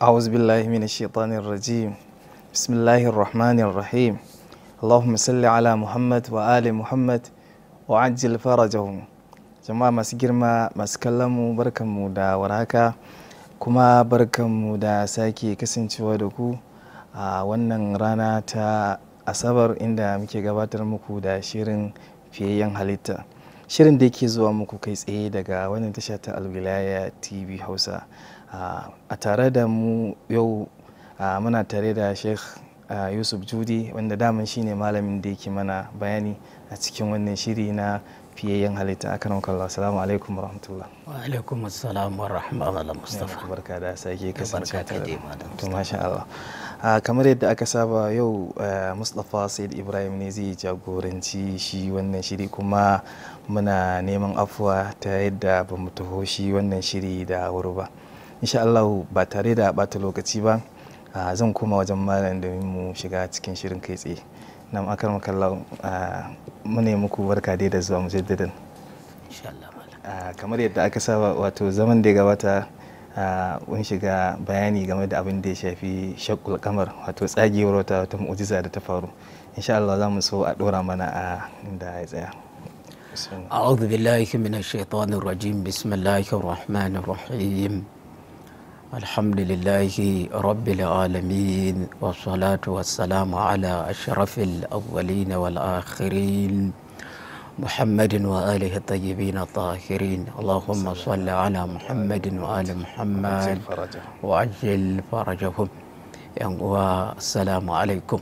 أعوذ بالله من الشيطان الرجيم بسم الله الرحمن الرحيم اللهم صل على محمد وآل محمد وعجل فرجهم jama'a masu girma masu kallon mu barkanmu da warhaka kuma barkanmu da sake kasancewa da ku a wannan rana ta asabar inda muke gabatar muku da shirin fiyayyen halitta shirin da yake zuwa muku kai tsaye daga wannan tashar ta alwilaya tv hausa a tare da mu yau muna tare da sheikh yusuf judi wanda daman shine malamin da yake mana bayani a cikin wannan shiri na fiyayyen halitta a akan wakalla assalamu alaikum wa rahmatullah wa alaikum assalam wa rahmatullah mustafa barka da sake kasance tare da masha Allah kamar yadda aka saba yau mustafa said ibrahim ne zai jagoranci shi wannan shiri kuma muna neman afuwa ta yadda ba mu taho shi wannan shiri da wuri ba insha Allah ba tare da bata lokaci ba zan koma wajen malam domin mu shiga cikin shirin kai tsaye nan akar makallau mu ne muku barka dai da zuwa mujaddadan kamar yadda aka saba wato zaman da ya gabata mun shiga bayani game da abin da ya shafi shakul kamar wato tsagewar wata wata mu'ujiza da ta faru insha Allah za mu so a dora mana a inda ya tsaya أعوذ بالله من الشيطان الرجيم بسم الله الرحمن الرحيم الحمد لله رب العالمين والصلاة والسلام على أشرف الأولين والآخرين محمد وآله الطيبين الطاهرين اللهم صل على محمد وآل محمد وعجل فرجهم السلام عليكم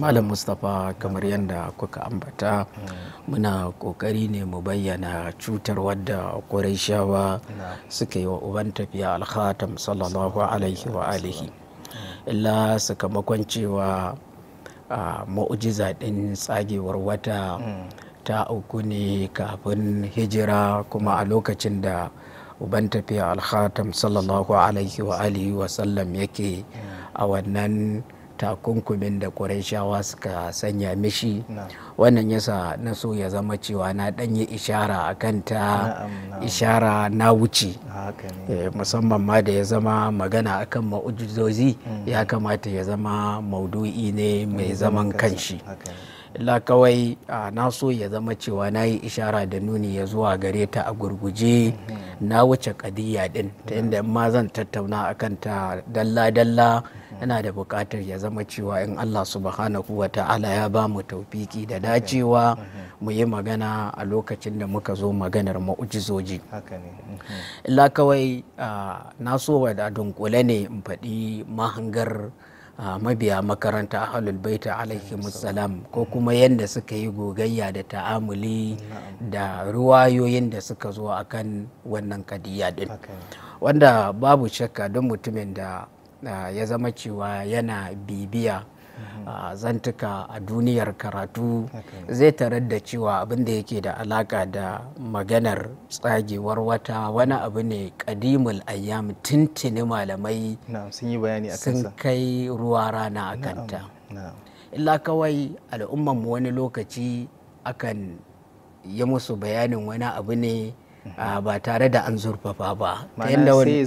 malam mustapha kamar yadda kuka ambata muna kokari ne mu bayyana cutar wadda ƙurayshawa suka yi wa uban tafiya alhatam sallallahu alaihi wa alihi illa sakamakon cewa ma'ujiza ɗin tsagewar wata ta uku ne kafin hijira kuma a lokacin da uban tafiya alhatam sallallahu alaihi wa alihi wa sallam yake a wannan takunkumin da shawa suka sanya mishi wannan yasa na so ya zama cewa na ɗanyi ishara a kan ta ishara na wuce eh, musamman ma da ya zama magana akan ma'ujizozi mm. ya kamata ya zama maudu'i ne mai zaman kanshi. Okay. illa kawai na so ya zama cewa na yi ishara da nuni ya zuwa gare ta a gurguje mhm. na wuce kadiyya din ta mhm. inda ma zan tattauna akan ta dalla-dalla yana mhm. da bukatar ya zama cewa in Allah subhanahu wa ta'ala ya ba mu taufiki da dacewa mu yi magana a lokacin da muka zo maganar ma'ujizoji. Illa kawai na so wa da dunkule ne in faɗi mahangar a mabiya makaranta ahlul baita salam ko kuma yadda suka yi gogayya da ta'amuli da ruwayoyin da suka zo a kan wannan kadiyya din wanda babu shakka don mutumin da ya zama cewa yana bibiya zantuka a duniyar karatu zai tarar da cewa abin da yake da alaka da maganar tsagewar wata wani abu ne kadimul ayyam tuntuni malamai sun kai ruwa rana a kanta illa kawai al'ummanmu wani lokaci akan yi musu bayanin wani abu ne Ah, ba tare da an zurfafa ba ta yadda wani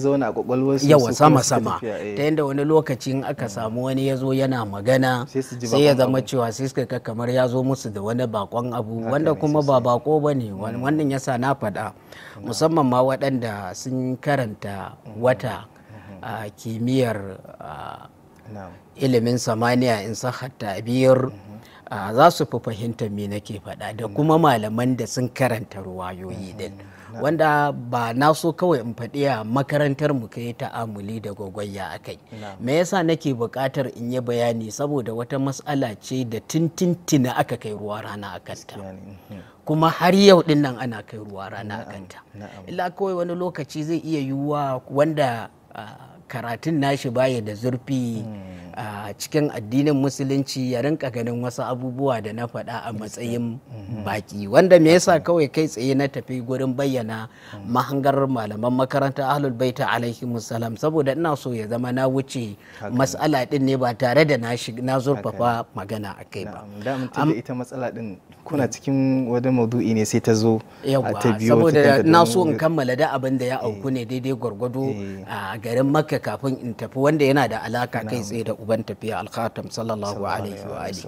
yawa sama sama eh. ta yadda wani lokacin aka samu wani ya zo yana magana sai ya zama cewa sai suka ka kamar ya zo musu da wani bakon abu wanda kuma ba bako ba ne mm. wannan ya sa na faɗa musamman ma waɗanda sun karanta mm-hmm. wata mm-hmm. Ah, kimiyyar ah, ilimin samaniya in hatta biyar mhm. ah, za su fi fahimtar me nake faɗa da kuma malaman da sun karanta ruwayoyi mhm. din wanda ba na so kawai in faɗi a makarantar mu kai ta'amuli da gogoyya a kai me yasa nake buƙatar in yi bayani saboda wata matsala ce da tintintina aka kai ruwa rana a kanta mhm. kuma har yau din nan ana kai ruwa rana a kanta illa kawai wani lokaci zai iya yiwuwa wanda ah, karatun nashi baya da zurfi a cikin addinin musulunci ya rinka ganin wasu abubuwa da na faɗa a matsayin mm-hmm. baki wanda me yasa kawai kai tsaye na tafi gurin bayyana mm-hmm. mahangar malaman makaranta ahlul baita alaihi musallam saboda ina so ya zama na wuce matsala din ne ba tare da na zurfafa magana a kai ba ita matsala din kuna cikin wani maudu'i ne sai ta zo a ta biyo saboda na so in kammala da abin da ya auku eh. ne daidai gwargwado eh. a garin makka kafin in tafi wanda yana da alaka kai tsaye da uban tafiya alkhatam sallallahu alaihi wa alihi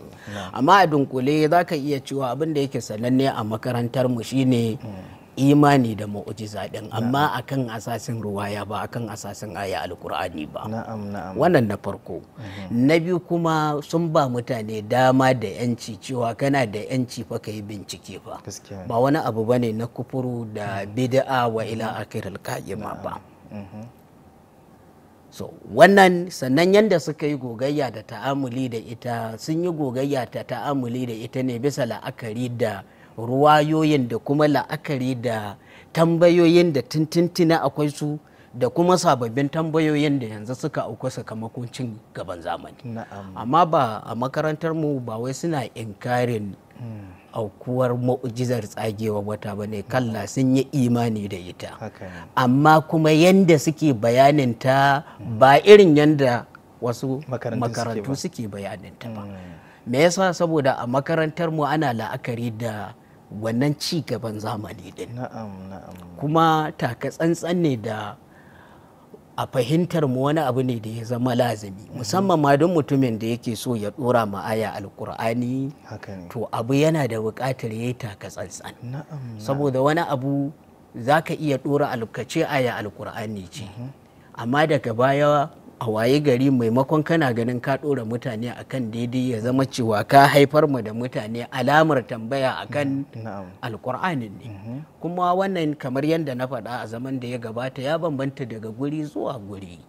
amma a dunkule zaka iya cewa abin da yake sananne a makarantar mu shine hmm. imani da mu'jiza din amma akan asasin ruwaya ba akan asasin aya alkur'ani ba wannan na farko hmm. na biyu kuma sun ba mutane dama da yanci cewa kana da yanci fa ka bincike fa ba wani abu bane na kufuru da hmm. bid'a wa ila akhiril qayyima ba so wannan sannan yadda suka yi gogayya da ta'amuli da ita sun yi gogayya ta ta'amuli da ita ne bisa la'akari da ruwayoyin da kuma la'akari da tambayoyin da tintintina akwai su da kuma sababbin tambayoyin da yanzu suka auku sakamakon cin gaban zamani amma ba a makarantar mu ba wai suna inkarin hmm. aukuwar mu'jizar tsagewar wata bane kalla sun yi imani da ita amma kuma yanda suke bayanin ta ba irin yanda wasu makarantu suke bayanin ta ba hmm. me yasa saboda a makarantar mu ana la'akari da wannan ci gaban zamani din kuma taka tsantsan ne da a fahimtar mu wani abu ne da ya zama lazimi musamman ma don mutumin da yake so ya dora ma aya alkur'ani to abu yana da bukatar ya yi taka tsantsan saboda wani abu za ka iya dora alkace aya alkur'ani ce mhm. amma daga baya a waye gari maimakon kana ganin ka ɗora mutane akan daidai ya zama cewa ka haifar mu da mutane alamar tambaya akan alkur'anin ne mhm. kuma wannan kamar yadda na faɗa a zaman da ya gabata ya bambanta daga guri zuwa guri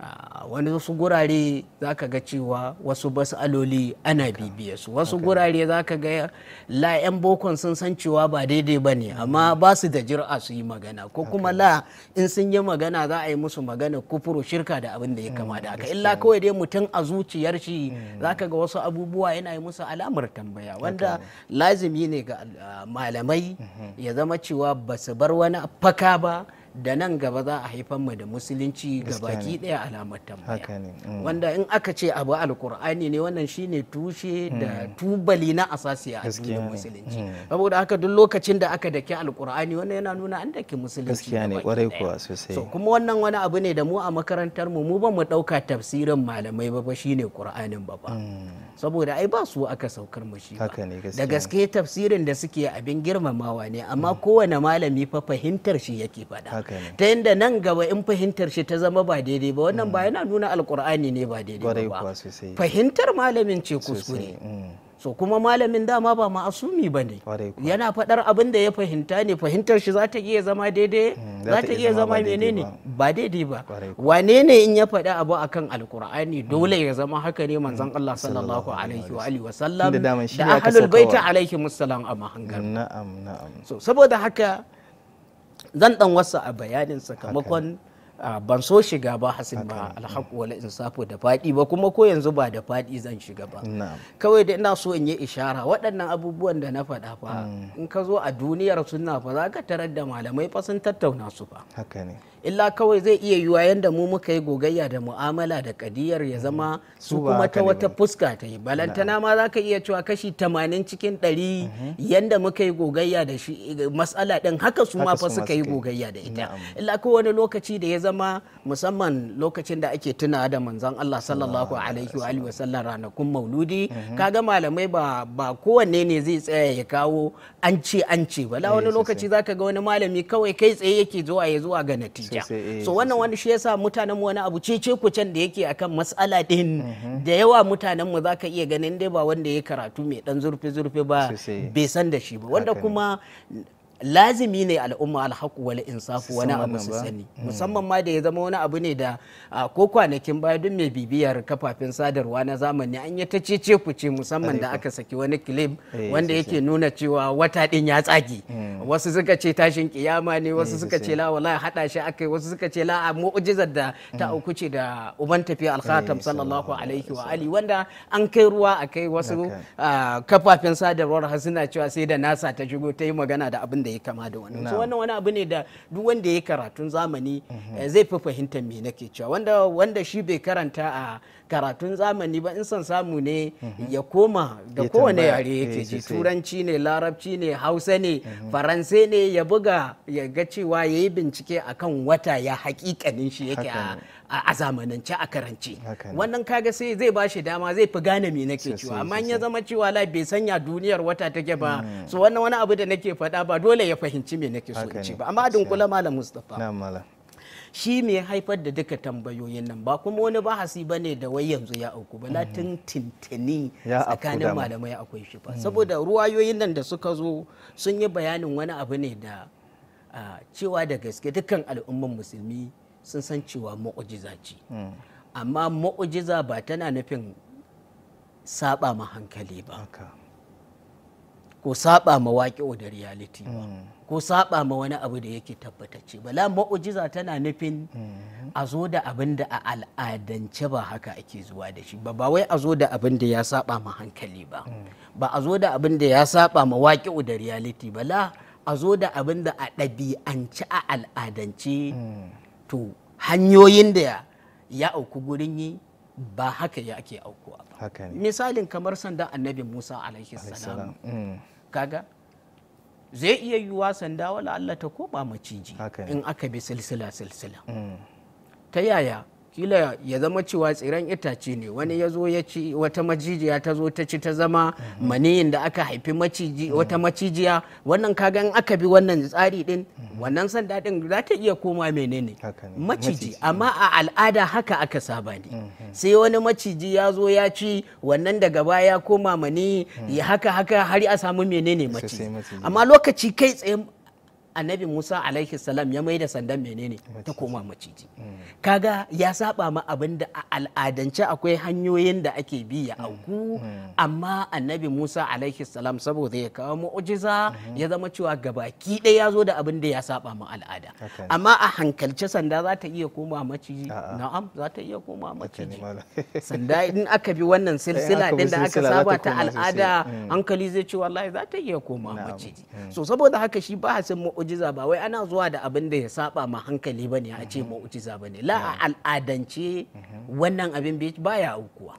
Ah, wani wasu gurare za ka ga cewa wasu basu aloli ana bibiya su wasu gurare za ka ga la 'yan bokon sun san cewa ba daidai ba ne amma ba su da jir'a su yi magana ko kuma la in sun yi magana za a yi musu magana kufuru shirka da abin da ya kama da mm, haka illa kawai dai mutum a zuciyar shi mm. za ka ga wasu abubuwa yana yi musu alamar tambaya wanda lazimi ne ga ah, malamai mm-hmm. ya zama cewa ba su bar wani faka ba da nan gaba za a haifar mu da musulunci gabaki daya alamar tambaya mm. wanda in aka ce abu alkur'ani ne wannan shine tushe mm. da tubali na asasi a cikin musulunci mm. saboda haka duk lokacin da aka daki alkur'ani wannan yana nuna an daki musulunci gaskiya ne kwarai kuwa sosai so kuma wannan wani abu ne da mu a makarantar mu mu ba mu dauka tafsirin malamai ba ba shine qur'anin ba ba saboda ai ba su aka saukar mashi ba da gaske tafsirin da suke abin girmamawa ne amma mm. kowane malami fa fahimtar shi yake faɗa ta yadda nan gaba in fahimtar shi ta zama ba daidai ba wannan ba mm. yana nuna alkur'ani ne ba daidai ba fahimtar malamin ce kuskure so kuma malamin dama ba ma'asumi ba ne yana faɗar abin da ya fahimta ne fahimtar shi za ta iya zama daidai hmm, za ta iya zama menene ba daidai ba wane ne in ya faɗi abu akan alkur'ani hmm. dole ya zama haka ne manzon hmm. Allah sallallahu alaihi wa alihi wa sallam da ahlul baiti alaihi musallam a mahangar na'am na'am so saboda haka zan dan wasa a bayanin sakamakon ban so shiga ba hasin ba alhaku wal insafu da faɗi ba kuma ko yanzu ba da faɗi zan shiga ba kawai da ina so in yi ishara waɗannan abubuwan da na faɗa fa mm. in ka zo a duniyar sunna fa za ka tarar da malamai fa sun tattauna su fa illa kawai zai iya yiwa yadda mu muka yi gogayya da mu'amala da kadiyar ya zama mm-hmm. su kuma ta wata fuska ta yi balantana ma za ka iya cewa kashi tamanin cikin 100 mm-hmm. yadda muka yi gogayya da shi matsala din haka su ma fa suka yi gogayya da ita illa ko wani lokaci da ya zama musamman lokacin da ake tuna da manzon Allah sallallahu alaihi wa alihi wasallam ranakun mauludi mm-hmm. kaga malamai ba ba kowanne ne zai tsaya ya kawo an ce an ce bala eh, wani lokaci zaka ga wani malami kawai kai tsaye yake zuwa ya zuwa ga nati ja eh, so wannan wani shi yasa mutanen mu wani abu cece kucen da yake akan matsala din mhm. da yawa mutanen mu zaka iya ganin dai ba wanda ya karatu mai dan zurfi zurfi ba bai san da shi ba wanda kuma lazimi ne al'umma alhaku wal insafu wani abu su sani hmm. musamman ma da ya zama wani abu ne da ko kwanakin baya duk mai bibiyar kafafen sadarwa na zamani an yi ta cece kuce musamman da aka saki wani clip eh, wanda yake nuna cewa wata din ya tsage hmm. wasu suka ce tashin kiyama ne wasu eh, suka ce la wallahi hada shi akai wasu suka ce la mu'jizar da ta hmm. auku da uban tafiya alkhatam eh, sallallahu alaihi wa ali wanda an kai ruwa akai wasu kafafen sadarwar har suna cewa sai da nasa ta shigo ta yi magana da abin da da ya kama da wannan su wannan wani abu ne da duk wanda ya karatun zamani eh, mhm. zai fi fahimtar me nake cewa wanda wanda shi bai karanta a karatun zamani ba in son samu ne mhm. ya koma da kowane yare yake eh, ji turanci ne larabci ne hausa ne mhm. faransa ne ya buga ya ga cewa ya yi bincike akan wata ya hakikanin shi yake a a zamanance a karance wannan kaga sai zai ba shi dama zai fi gane me nake cewa amma ya zama cewa la bai sanya duniyar wata take ba hmm. so wannan wani abu da nake faɗa ba dole ya fahimci me nake so ce ba amma kula malam Mustapha shi mai haifar da duka tambayoyin nan ba kuma wani bahasi ba ne da wai yanzu ya auku ba na hmm. tun tintini tsakanin malamai akwai shi ba hmm. saboda ruwayoyin nan da suka zo sun yi bayanin wani abu ne da ah, cewa da gaske dukkan al'umman musulmi sun san cewa ma'ujiza ce hmm. amma ma'ujiza ba tana nufin saba ma hankali ba ko saba ma waƙi da reality ba hmm. ko saba ma wani abu da yake tabbatacce bala ma'ujiza tana nufin hmm. a zo da abin da a al'adance ba haka ake zuwa da shi ba wai a zo da abin da ya saba ma hankali ba ba a zo da abin da ya saba ma waƙi da reality bala a zo da abin da a ɗabi'ance a al'adance to hanyoyin da ya auku gurin yi ba haka ya ake aukuwa ba misalin kamar sanda annabi musa alaihi salam mm. kaga zai iya yiwuwa sanda wala Allah ta koma maciji in aka bi silsila silsila mm. ta yaya kila ya zama cewa tsiran itace ne wani ya zo ya ci wata majijiya ta zo ta ci ta zama maniyin da aka haifi wata macijiya wannan kagan aka bi wannan tsari din wannan sanda din za ta iya koma menene maciji amma a al'ada haka aka saba ne mhm. sai wani maciji ya zo ya ci wannan daga baya ya koma maniyi haka haka har a samu menene maciji amma lokaci kai tsaye annabi musa alaihi salam ya mai da sandan menene ta koma maciji mm. kaga ya saba ma abin da a al'adance akwai hanyoyin da ake bi ya mm. auku mm. amma annabi musa alaihi salam saboda ya kawo mu'ujiza mm-hmm. ya zama cewa gabaki ɗaya ya zo da abin da ya saba ma al'ada amma a hankalce sanda za ta iya koma maciji na'am za ta iya koma maciji sanda in aka bi wannan eh, silsila din da aka saba ta al'ada hankali zai ce wallahi za ta iya koma maciji so saboda haka shi ba hasin mu'ujiza mu'ujiza ba wai ana zuwa da abin da ya saba ma hankali bane a ce mhm. mu'jiza bane la a al'adance mhm. wannan abin baya aukuwa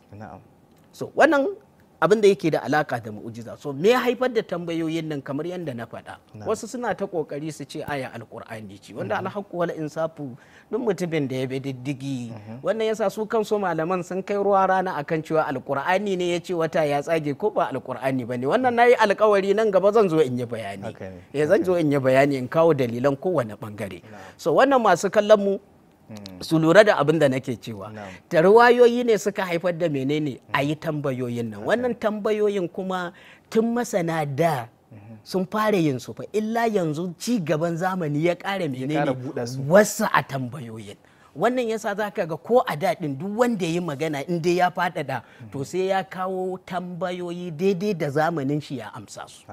so wannan abin da yake da alaka da mu'ujiza so me haifar da tambayoyin nan kamar yadda na faɗa wasu suna ta kokari su ce aya alqur'ani ce wanda mhm. alhaqqu wal insafu duk mutumin da ya bi diddigi mhm. wannan yasa su kansu malaman sun kai ruwa rana akan cewa alqur'ani ne yace wata ya tsage ko ba alqur'ani bane wannan nayi alkawari nan gaba zan zo in yi bayani eh zan zo in yi bayani in kawo dalilan kowane bangare so wannan masu kallon mu Hmm. su lura da abin da nake cewa tarwayoyi ne suka haifar da menene a yi tambayoyin nan wannan tambayoyin kuma tun masana da hmm. sun fara yin su fa illa yanzu ci gaban zamani ya ƙara menene wasu a tambayoyin wannan yasa za ka ga ko a daɗin duk wanda ya yi magana in dai ya faɗaɗa hmm. to sai ya kawo tambayoyi daidai da zamanin shi ya amsa su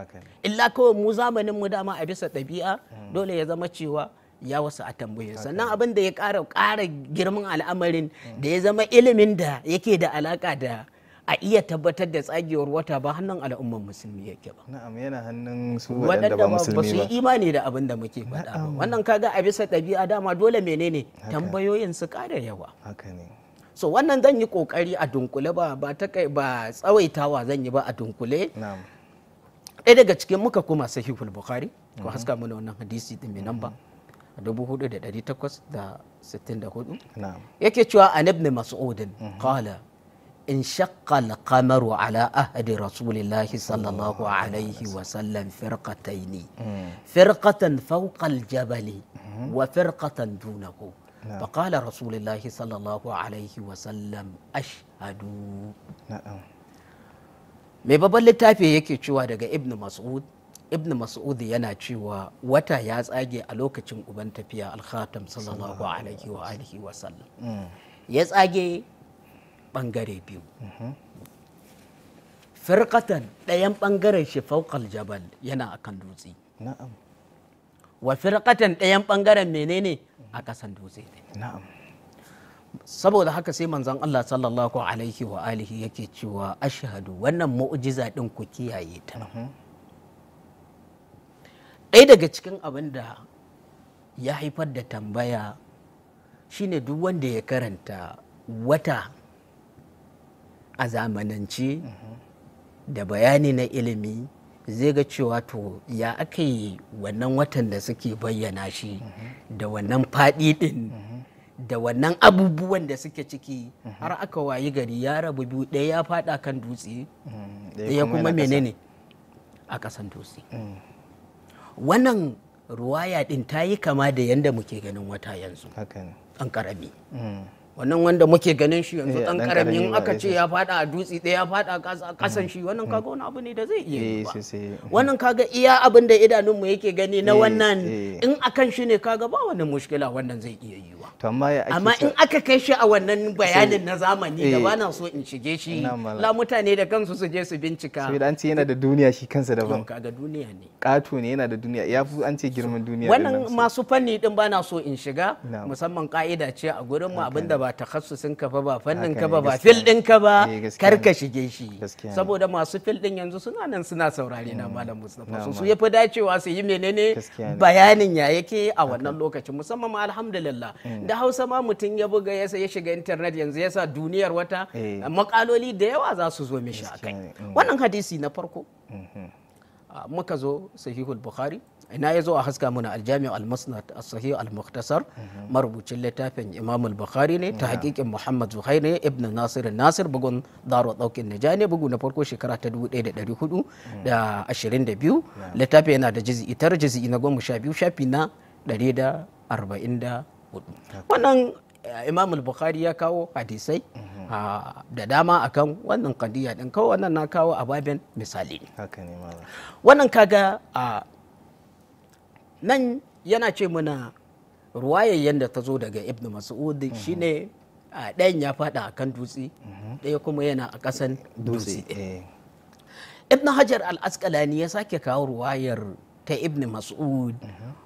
illa kawai mu zamanin mu dama a bisa ɗabi'a dole ya zama cewa ya wasu a tambayin sannan abin da ya ƙara ƙara girman al'amarin da ya zama ilimin da yake da alaƙa da a iya tabbatar da tsagewar wata ba hannun al'umman musulmi yake ba na'am yana hannun su waɗanda ba musulmi ba su yi imani da abin da muke faɗa ba wannan kaga a bisa ɗabi'a dama dole menene tambayoyin su ƙara yawa haka ne so wannan zan yi kokari a dunkule ba ba ta kai ba tsawaitawa zan yi ba a dunkule na'am ɗaya daga cikin muka koma sahihul bukhari ko mhm. haska mana wannan hadisi din nan ba. Mhm. 4864 yake cewa an ibn mas'udin kala mhm. in shakka al-qamaru ala ahadi rasulillahi sallallahu alaihi wa sallam ne mm. firkatan faukal jabali mhm. wa firkatan dunako فقال رسول الله صلى الله عليه وسلم أشهد نعم mai babban littafi yake cewa daga ibn mas'ud ibn mas'udi yana cewa wata ya tsage a lokacin uban tafiya alkhatam sallallahu alaihi wa alihi wa sallam mm. ya tsage bangare biyu mm-hmm. firqatan ɗayan bangaren shi fawqal jabal yana akan dutse na'am wa firqatan ɗayan bangaren menene a kasan dutse na'am saboda haka sai manzon Allah sallallahu alaihi wa alihi yake cewa ashhadu wannan mu'jiza din ku kiyaye ta mm-hmm. ɗaya daga cikin abin da ya haifar da tambaya shine duk wanda ya karanta wata a zamanance da bayani na ilimi zai ga cewa to ya aka yi wannan watan da suke bayyana shi da wannan faɗi ɗin da wannan abubuwan da suke ciki har aka wayi gari ya rabu biyu ɗaya ya faɗa kan dutse mm-hmm. ɗaya kuma menene a ƙasan dutse. Mm. wannan ruwaya din ta yi kama da yadda muke ganin wata yanzu ɗan karami mm. wannan wanda muke ganin shi yanzu ɗan eh, karami in aka ce ya fada a dutse ɗaya ya fada a kasan mm. shi wannan mm. kaga wani abu ne da zai iya eh, yi wannan kaga iya abin da idanunmu yake gani na eh, wannan in akan shi ne kaga ba wani mushkila wannan zai iya yi amma in aka kai shi a wannan bayanin na zamani da eh. ba na so in shige shi la mutane da kansu su je su bincika sai an ce yana da duniya shi kansa daban kaga duniya ne kato ne yana da duniya ya fi an ce girman duniya wannan masu fanni din ba na so in shiga musamman ka'ida ce a gurin mu abinda ba takhassusin ka ba fannin ka ba ba fil din ka ba eh, kar ka shige shi saboda masu fil din yanzu suna nan suna saurare na mm. malam Mustafa su ya fi dacewa su yi menene bayanin ya yake a wannan lokacin musamman alhamdulillah mm. Eh. da hausa ma mutum ya buga ya ya shiga internet yanzu ya sa duniyar wata eh. makaloli da yawa za su zo mishi a kai mm. wannan hadisi na farko mhm. ah, muka zo sahihul bukhari ina ya zo a haska muna aljami'u al-musnad as-sahih al mhm. marubucin littafin imam bukhari ne ta hakikin muhammad zuhair ne ibn nasir nasir bugun zaro daukin najani bugu na farko shekara ta 1422 mm. littafin yana da juz'i tar juz'i na biyu shafi na 140 hudu wannan eh, imam bukhari ya kawo hadisai mhm. ah, da dama akan wannan kadiya din kawo wannan na kawo a babin misali wannan kaga a ah, nan yana ce mana ruwayar yadda ta zo daga ibn mas'ud mhm. shine ah, ɗayan ya fada kan dutse mhm. ɗaya kuma yana a ƙasan dutse eh. ibn hajar al-asqalani ya sake kawo ruwayar ta ibni mas'ud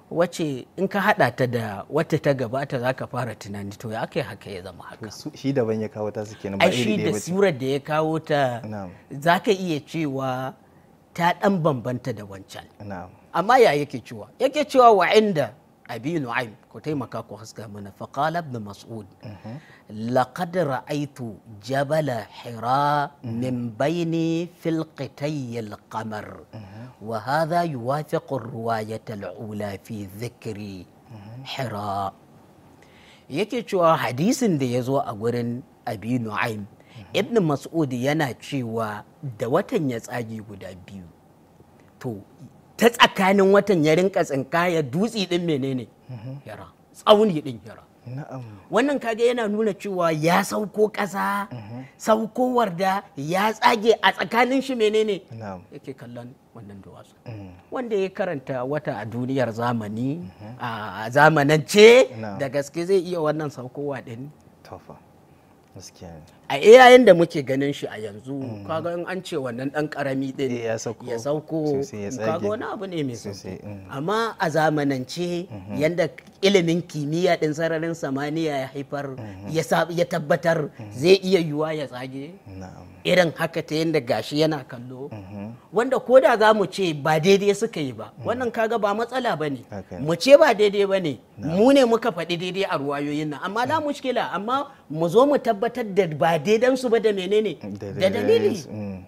wace in ka hada ta da wata ta gabata za ka fara tunani to ya ake haka ya zama haka shi daban ya kawo ta suke nan ba shi da surar da ya kawo ta za ka iya cewa ta dan bambanta da wancan amma ya yake cewa yake cewa wa inda abi ko taimaka ku haska mana faqala ibn mas'ud mhm. لقد رأيت جبل حراء من بيني kamar القتي القمر وهذا يوافق الرواية الأولى في ذكر حراء yake cewa hadisin da ya zo a gurin abi nu'aim ibn mas'ud yana cewa da watan ya tsage guda biyu to ta tsakanin watan ya rinka tsinkaya dutse din menene yara tsauni din yara wannan kage yana nuna cewa ya sauko ƙasa mhm. saukowar da ya tsage a tsakanin shi menene yake kallon wannan duwatsu mm. wanda ya karanta wata a duniyar zamani mhm. a zamanance da gaske zai iya wannan saukowa ɗin a yayin da muke ganin shi a yanzu mm. kaga in an ce wannan dan karami din eh, ya sauko kaga wani abu ne mai sauki mm. amma a zamanance mm-hmm. yanda ilimin kimiyya din sararin samaniya ya haifar mm-hmm. ya tabbatar mm-hmm. zai iya yiwuwa ya tsage irin haka ta yadda gashi yana kallo wanda ko da za mu ce ba daidai suka yi ba mm. wannan kaga ba matsala ba ne mu ce ba daidai ba ne mu ne muka faɗi daidai a ruwayoyin nan amma mushkila amma mu zo mu tabbatar da ba ba su ba da menene da dalili mm.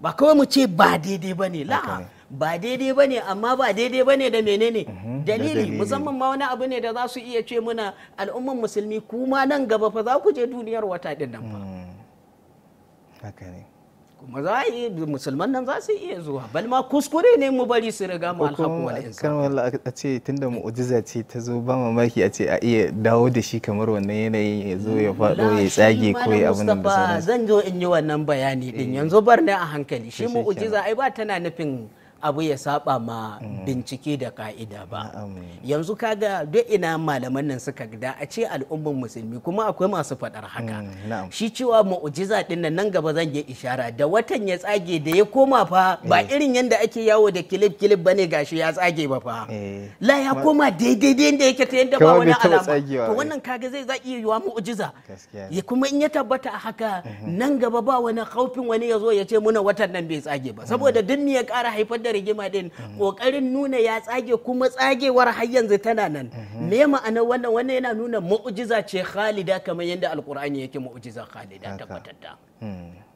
ba kawai mu ce ba daidai ba ne la'a ba daidai ba ne amma ba daidai ba ne da menene mhm, dalili musamman ma wani abu ne da za su iya ce muna al'umman musulmi kuma nan gaba fa za ku je duniyar wata din nan ba mm. haka ne kuma za a yi musulman nan za su iya zuwa bal ma kuskure ne mu bari su riga mu alhaku wal insan kuma a ce tunda mu'jiza ce ta zo ba mamaki a ce a iya dawo da shi kamar wannan yanayin ya zo ya fado ya tsage ko ya abin da sauransu zan zo in yi wannan bayani din eh. yanzu bar ne a hankali shi mu'jiza ai ba tana nufin abu ya saba ma mm. bincike da ka'ida ba yanzu kaga duk ina malaman nan suka gida a ce al'umman musulmi kuma akwai masu faɗar haka mm, shi cewa mu'ujiza din nan gaba zan yi ishara da watan ya tsage da ya koma fa ba eh. irin yanda ake yawo da kilif kilif bane gashi ya tsage ba fa eh. la ya koma daidai da yanda yake ta yanda ba wani alama to wannan kaga zai za iya yiwa mu'ujiza ya kuma in ya tabbata haka mm-hmm. nan gaba ba wani kaufin wani ya zo ya ce muna watan nan bai tsage ba mm. saboda duk ya kara haifar da da rigima din kokarin nuna ya tsage kuma tsagewar har yanzu tana nan me ma'ana wannan wannan yana nuna mu'jiza ce khalida kamar yadda alkur'ani yake mu'jiza khalida tabbatar da hmm.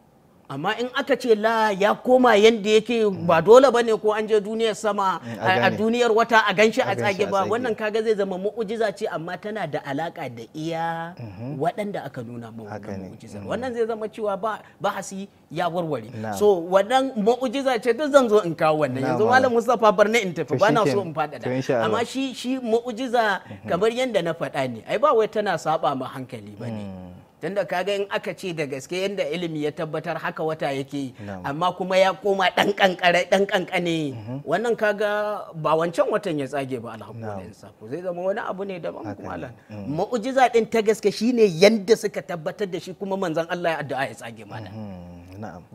amma in aka ce la ya koma yadda yake ba mm. dole ba ne ko an je duniyar sama eh, a duniyar wata a ganshi a tsage ba wannan kaga zai zama mu'ujiza ce amma tana da alaka da iya mhm. waɗanda aka nuna mu'ujiza mm. wannan zai zama cewa ba hasi ya warware so wannan mu'ujiza ce duk zan zo in kawo wannan yanzu malam Mustapha Barne in tafi ba na so in faɗaɗa amma shi shi mu'ujiza mhm. kamar yadda na faɗa ne ai ba wai tana saba ma hankali ba ne mm. tunda ga in aka ce da gaske yadda ilimi ya tabbatar haka wata yake yi amma kuma ya koma dan kankare dan kankane mhm. wannan kaga ba wancan watan ya tsage ba alhamdulillah zai zama wani abu ne daban kuma Allah mm. mu'jiza din ta gaske shine yadda suka tabbatar da shi kuma manzon Allah ya addu'a ya tsage mana mhm.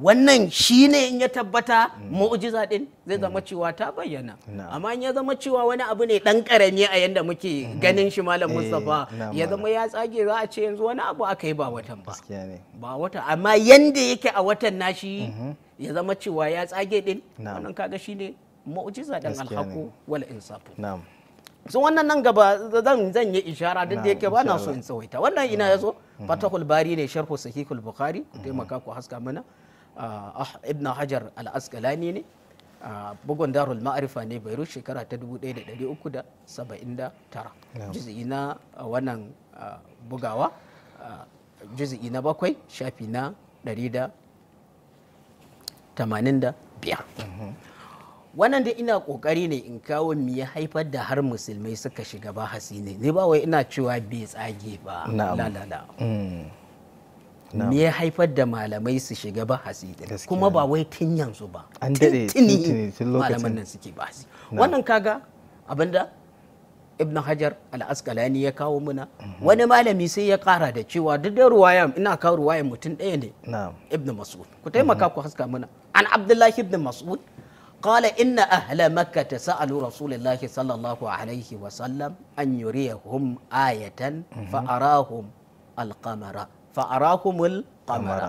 wannan shi ne in ya tabbata mm. mu'jiza din zai mm. zama cewa ta bayyana amma in ya zama cewa wani abu ne dan karami a yanda muke mm-hmm. ganin shi malam eh, Mustapha ya zama ya tsage za a ce yanzu wani abu aka yi ba watan ba ba wata amma yanda yake a watan nashi mm-hmm. ya zama cewa ya tsage din wannan kaga shi ne mu'jiza din alhaku wal insafu na'am so wannan nan gaba zan zan yi ishara duk da yake ba na so in tsawaita wannan ina yazo fatahul bari ne sharhu sahihul bukhari ku taimaka ku haska mana ah, ah, ibn hajar al asqalani ne ah, bugun darul ma'arifa ne bairu shekara ta 1379 juz'i na wannan bugawa juz'i na bakwai shafi na 185 wannan da ina kokari ne in kawo mu ya haifar da har musulmai suka shiga ba hasi ne ne ba wai ina cewa bai tsage ba lalala mm. me ya haifar da malamai su shiga ba hasi kuma ba wai tun yanzu ba tintini malaman nan suke ba hasi wannan kaga abinda ibn hajar al-asqalani ya kawo muna mhm. wani malami sai ya kara da cewa duk da ruwaya ina kawo ruwayan mutum ɗaya ne ibn mas'ud ku taimaka mhm. ku haska muna an abdullahi ibn mas'ud قال إن أهل مكة سألوا رسول الله صلى الله عليه وسلم أن يريهم آية فأراهم القمر فأراهم القمر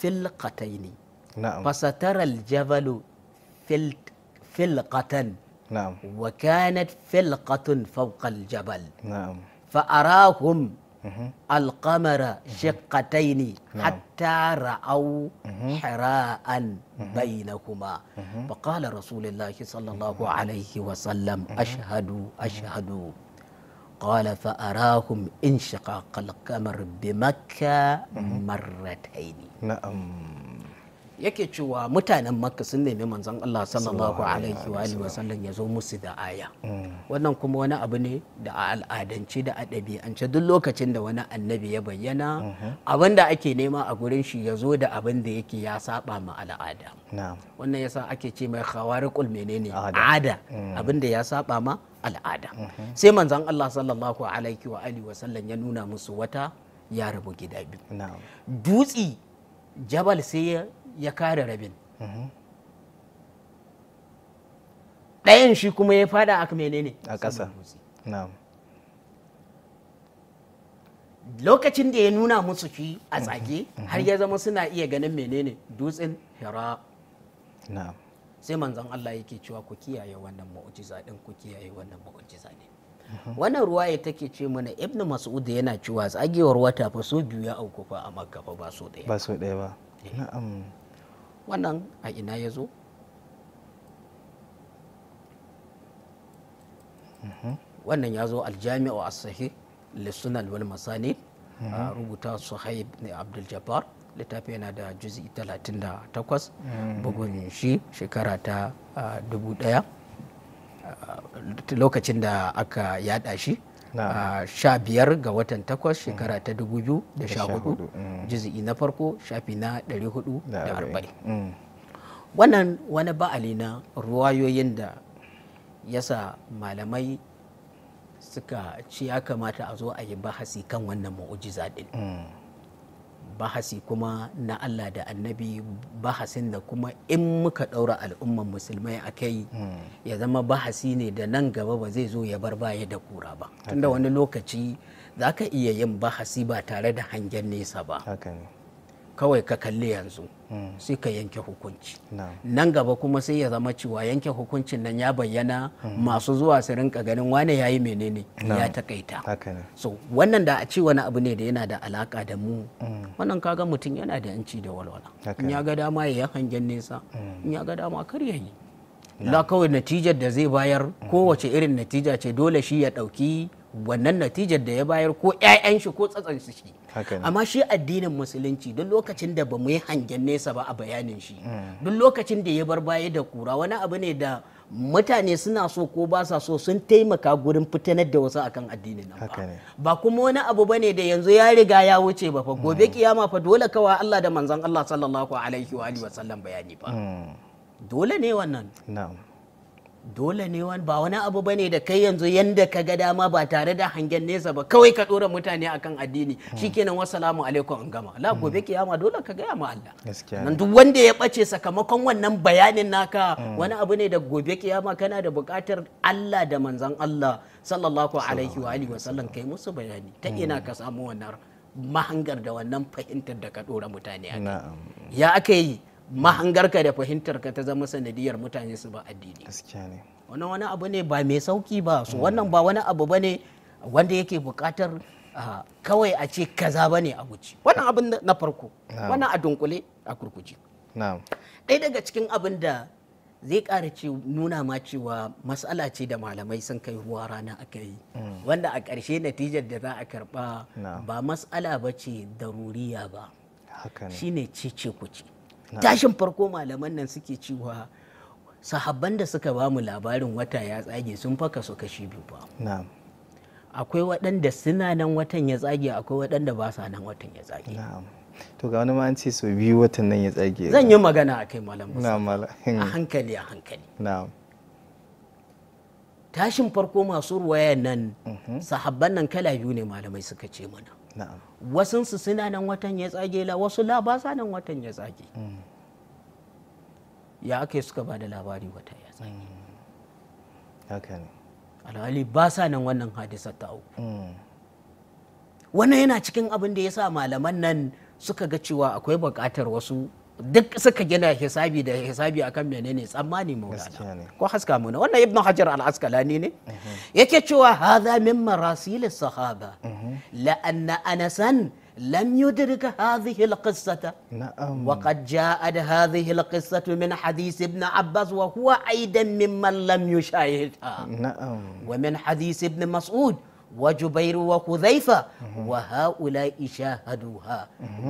فلقتين نعم فسترى الجبل في فلقة نعم وكانت فلقة فوق الجبل نعم فأراهم alƙamara shiƙatai ne hatta ra'au hira'an baina kuma faƙala rasulullahi sallallahu alaihi wasallam ashhadu ashhadu قال فأراهم إن شقاق القمر بمكة مرتين نعم yake cewa mutanen makka sun nemi manzon Allah sallallahu alaihi wa alihi wasallam ya zo musu da aya mm. wannan kuma wani abu ne da a al'adance da a ɗabi'ance duk lokacin da wani annabi ya bayyana mm-hmm. abin da ake nema a gurin shi ya zo da abin da yake ya saba ma al'ada wannan yasa ake ce mai khawariqul menene ada mm. abin da ya saba ma al'ada mm-hmm. sai manzon Allah sallallahu alaihi wa alihi wasallam ya nuna musu wata ya rabu gida biyu dutsi jabal sai ya ya kare rabin mhm. ɗayan shi kuma ya fada a menene a ƙasa lokacin da ya nuna musu shi a mhm. tsage mhm. har ya zama suna iya ganin menene dutsen hira sai manzon Allah yake cewa ku kiyaye wannan ma'ujiza din ku kiyaye wannan ma'ujiza ne wannan ruwa ya take ce mana ibn mas'ud yana cewa tsagewar wata fa so biyu ya auku fa a makka fa ba so daya ba so daya ba eh. na'am wannan a ina ya zo mhm. wannan ya zo aljami'u a sahi lissunan wani masani mhm. a rubuta suhaib ne abdul jabbar littafi yana da juzi 38 mhm. bugun shi shekara ta 1000 lokacin da aka yada shi sha biyar ga watan takwas shekara ta dubu biyu da sha hudu mm. jizi'i na farko shafi na dari hudu da arba'in mm. wannan wani ba'ali na ruwayoyin da yasa malamai suka ci ya kamata a zo a yi bahasi kan wannan ma'ujiza din mm. bahasi kuma na Allah da annabi bahasin da kuma in muka ɗaura al'umman musulmai a kai hmm. ya zama bahasi ne da nan gaba ba zai zo ya bar baya da kura ba tunda wani lokaci za ka iya yin bahasi ba tare da hangen nesa ba kawai ka kalli yanzu hmm. sai ka yanke hukunci nan gaba kuma sai ya zama cewa yanke hukuncin nan ya bayyana hmm. masu zuwa su rinka ganin wane yayi menene ya takaita so wannan da a ce wani abu ne da yana da alaka da mu hmm. wannan kaga mutum yana da yanci da walwala in ya ga dama ya hangen nesa in ya ga dama kar ya yi la kawai natijar da zai bayar kowace irin natija ce dole shi ya dauki wannan natijar da ya bayar ko 'ya'yan shi ko tsatsan shi amma shi addinin musulunci duk lokacin da ba mu yi hangen nesa ba a bayanin shi mm. duk lokacin da ya bar baya da kura wani abu ne da mutane suna so ko ba sa so sun taimaka gurin fitanar da wasu akan addinin nan ba ba kuma wani abu bane da yanzu ya riga ya wuce ba fa gobe mm. kiyama fa dole kawa Allah da manzon Allah sallallahu alaihi wa alihi wa sallam bayani ba mm. dole ne wannan dole ne wani ba wani abu bane da kai yanzu yanda ka ga dama ba tare da hangen nesa ba kawai ka dora mutane akan addini hmm. shikenan wassalamu alaikum an gama la gobe kiyama dole ka gaya ma Allah nan duk wanda ya bace sakamakon wannan bayanin naka hmm. wani abu ne da gobe kiyama kana da bukatar Allah da manzon Allah sallallahu alaihi wa alihi wasallam kai musu bayani ta hmm. ina ka samu wannan mahangar da wannan fahimtar da ka dora mutane ya aka mahangarka da fahimtar ka ta zama sanadiyar mutane su ba addini wannan wani abu ne ba mai sauki ba su hmm. wannan ba wani abu ba ne wanda yake buƙatar ah, kawai a ce kaza ba ne a guji wannan abin na farko wannan a dunkule a kurkuci. ɗaya daga cikin abin da zai ƙara ce nuna ma cewa matsala ce da malamai sun kai ruwa rana aka yi hmm. wanda a ƙarshe natijar da za a karɓa ba matsala ba ce daruriya ba Shi ne shine ce kuce tashin farko malaman nan suke cewa sahabban da suka ba mu labarin wata ya tsage sun faka su kashi biyu ba akwai waɗanda suna nan watan ya tsage akwai waɗanda ba sa nan watan ya tsage to ga wani ma ce so biyu watan nan ya tsage zan yi magana a kai malam a hankali a hankali tashin farko masu ruwayan nan mhm. sahabban nan kala biyu ne malamai suka ce mana wasunsu suna nan watan ya tsage la wasu labasa nan watan ya tsage mm. ya aka suka ba da labari wata ya tsage mm. alhali ba sa nan wannan hadisa ta uku mm. wannan yana cikin abin da ya sa malaman nan suka ga cewa akwai buƙatar wasu duk suka gina hisabi da hisabi akan menene tsammani maulana ko haska muna wannan ibnu hajar al-asqalani ne yake cewa hadha min marasil sahaba la anna anasan لم يدرك هذه القصة نعم. وقد جاءت هذه القصة من حديث ابن عباس وهو أيضا ممن لم يشاهدها نعم. ومن حديث ابن مسعود وجبير وخذيفة وهؤلاء شاهدوها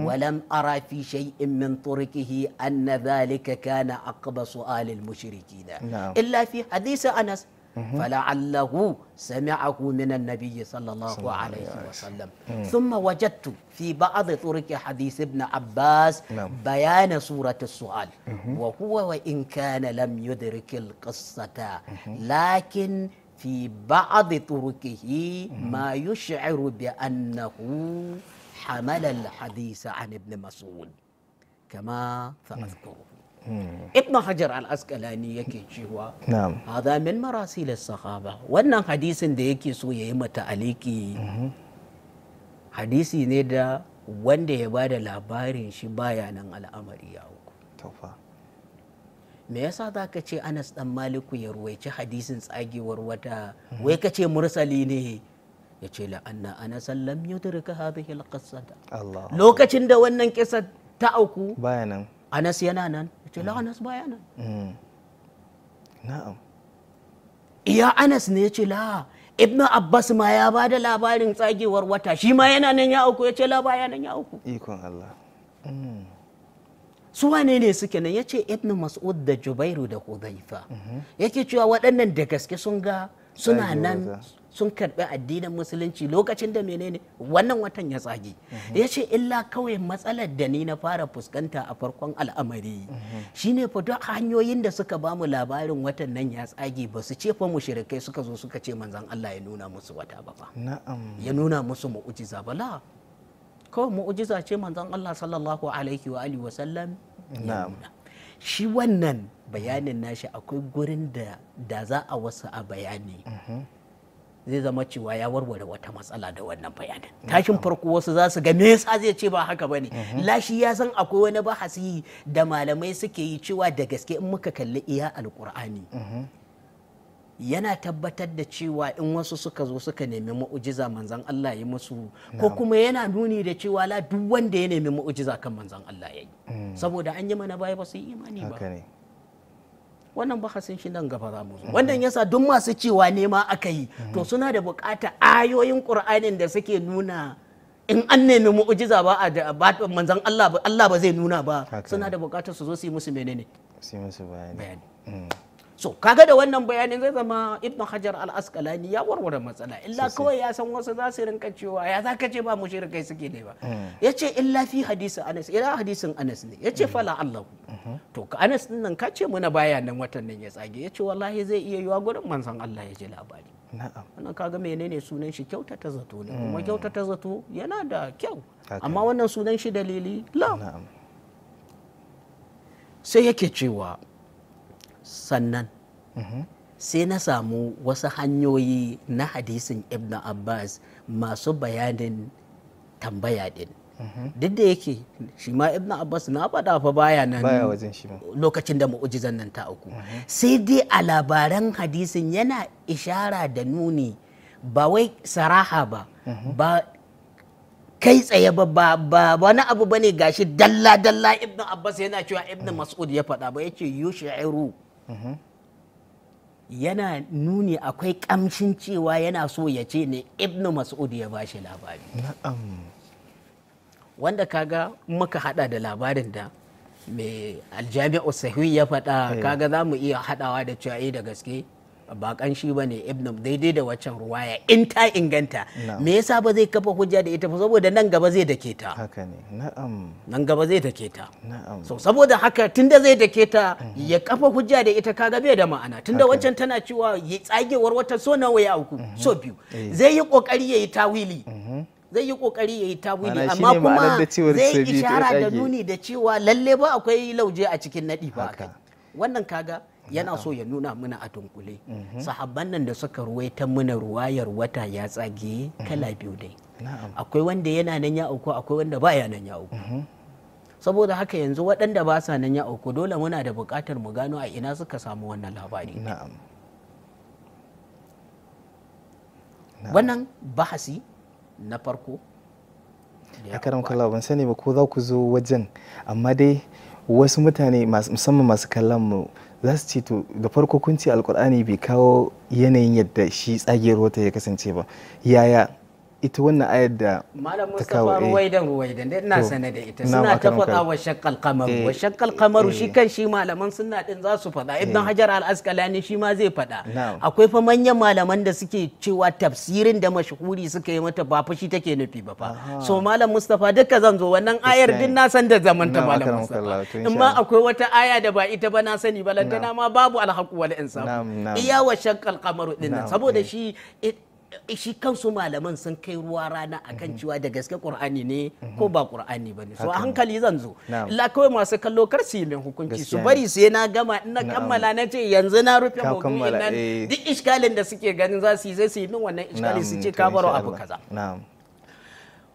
ولم أرى في شيء من طرقه أن ذلك كان عقب سؤال المشركين نعم. إلا في حديث أنس فلعله سمعه من النبي صلى الله عليه وسلم ثم وجدت في بعض طرق حديث ابن عباس نعم. بيان سورة السؤال وهو وإن كان لم يدرك القصة لكن في بعض طرقه ما يشعر بأنه حمل الحديث عن ابن مسعود كما سأذكره ابن حجر على الأسقلاني يكي نعم هذا من مراسيل الصحابة وانا حديث ديكي سو يمت عليك حديث ندا وأن يبادل لابارين شبايا عن الأمر يا توفى me yasa za ka ce anas dan maliku ya ruwaici hadisin tsagewar wata wai ka ce mursali ne ya ce la'anna ana sallam yudrika hadhihi Allah lokacin da wannan kisa ta auku nan. anas yana nan ya ce mm. la anas baya nan mm. na'am iya anas ne ya ce la ibn abbas ma ya ba da labarin tsagewar wata shi ma yana nan ya auku ya ce la baya nan ya auku ikon allah mm. su wane ne suke nan ya ce ibn mas'ud da jubairu da hudhaifa yake cewa waɗannan da gaske sun ga suna nan sun karɓi addinin musulunci lokacin da menene wannan watan ya tsage mhm. ya ce illa kawai matsalar da ni na fara fuskanta a farkon al'amari shine fa duk hanyoyin da suka ba mu labarin watan nan ya tsage ba su ce fa mushrikai suka zo suka ce manzon Allah ya nuna musu wata ba ya nuna musu mu'jiza bala kawai mu'ujiza ce manzon Allah sallallahu alaihi wa alihi wa sallam shi wannan bayanin nashi akwai gurin da da za a wasu a bayani mhm. zai zama cewa ya warware wata matsala da wannan bayanin tashin farko wasu za su ga me yasa zai ce ba haka bane mhm. lashi ya san akwai wani bahasi da malamai suke yi cewa da gaske in muka kalli iya alkur'ani mhm. yana tabbatar da cewa in wasu suka zo suka nemi mu'ujiza manzan Allah ya musu ko kuma yana nuni da cewa la duk wanda ya nemi mu'ujiza kan manzan Allah ya yi mm. saboda an yi mana baya ba su yi imani ba wannan hasin shi nan gaba za mu zo mm-hmm. wannan yasa duk masu cewa nema aka yi to mm-hmm. suna da bukata ayoyin qur'anin da suke nuna in an nemi mu'ujiza ba a manzan Allah Allah ba zai nuna ba suna da bukatar su zo su yi musu menene su yi musu bayani mm. so kaga da wannan bayanin zai zama ibn hajar al-asqalani ya warware matsala illa kawai ya san wasu za su rinka cewa ya zaka ce ba mushrikai suke ne ba mm. yace illa fi hadisi anas ila hadisin anas ne yace fala allah mm-hmm. to ka anas din nan ka ce muna baya nan watan nan ya tsage yace wallahi zai iya yiwa gurin manzon allah ya ji labari na'am wannan kaga menene sunan shi kyautata zato ne kuma mm. kyautata zato yana da kyau amma wannan sunan shi dalili la sai yake cewa sannan sai na samu wasu hanyoyi na hadisin ibn abbas masu bayanin tambaya din duk da yake shi ma ibn abbas na faɗa fa baya nan lokacin da mu'ujizan nan ta uku mhm. sai dai a labaran hadisin yana ishara da nuni ba wai saraha ba mhm. ba kai tsaye ba ba wani abu bane gashi dalla dalla ibn abbas yana cewa ibn mhm. mas'ud ya faɗa ba yace yushiru yana nuni akwai kamshin cewa yana so ya ce ne ibnu mas'ud ya bashi labari wanda kaga muka hada da labarin da mai aljami'u sahi ya faɗa eh. kaga za mu iya hadawa da cewa eh, da gaske ba kanshi ba ne ibn daidai da waccan ruwaya in ta inganta me yasa ba zai kafa hujja da ita ba saboda nan gaba zai dake ta haka ne na'am nan gaba zai dake ta na'am so saboda haka tunda zai dake ta mhm. ya kafa hujja da ita kaga bai da ma'ana tunda waccan tana cewa ya tsagewar wata so nawa ya auku mhm. so biyu eh. zai yi kokari yayi tawili mhm. zai yi kokari yayi tawili amma kuma zai yi ishara da nuni da cewa lalle ba akwai lauje a cikin nadi ba kai wannan kaga yana so ya nuna mana a tunkule. Mhm. sahabban nan da suka ruwaita mana ruwayar wata ya tsage mhm. kala biyu dai akwai wanda yana nan ya auku akwai wanda baya nan ya auku mhm. saboda haka yanzu waɗanda ba sa nan ya auku dole muna da buƙatar mu gano a ina suka samu wannan labari wannan bahasi na farko a karan kwallo ban sani ba ko za ku zo wajen amma dai wasu mutane musamman masu kallon mu za su ce to da farko kun ce alkur'ani bai kawo yanayin yadda shi tsagiyar wata ya kasance ba yaya ita wannan ayar da Malam Mustafa eh. Ruwaidan Ruwaidan dai ina sane da ita suna ta faɗa wa shakkal kamaru eh, wa shakkal kamaru eh. shi kan shi malaman sunna din za su faɗa Ibn Hajar al-Asqalani shi ma zai faɗa akwai fa manyan malaman da suke cewa tafsirin da mashhuri suka yi mata ba fa shi take nufi ba fa so Malam Mustafa duka zan zo wannan ayar din na san da zaman ta Malam Mustafa amma akwai wata aya da ba ita ba na sani balantana ma babu alhaqu wal insaf iya wa shakkal kamaru din saboda shi Eh, shi kansu malaman sun kai ruwa rana a kan mhm. cewa da gaske qur'ani ne mhm. ko ba qur'ani ba ne so a hankali zan zo illa kawai masu kallo kar su yi min hukunci su bari sai na gama na kammala na ce yanzu na rufe maudu'in nan eh. duk iskalin da suke ganin za su yi sai su yi min wannan iskali su ce ka baro abu kaza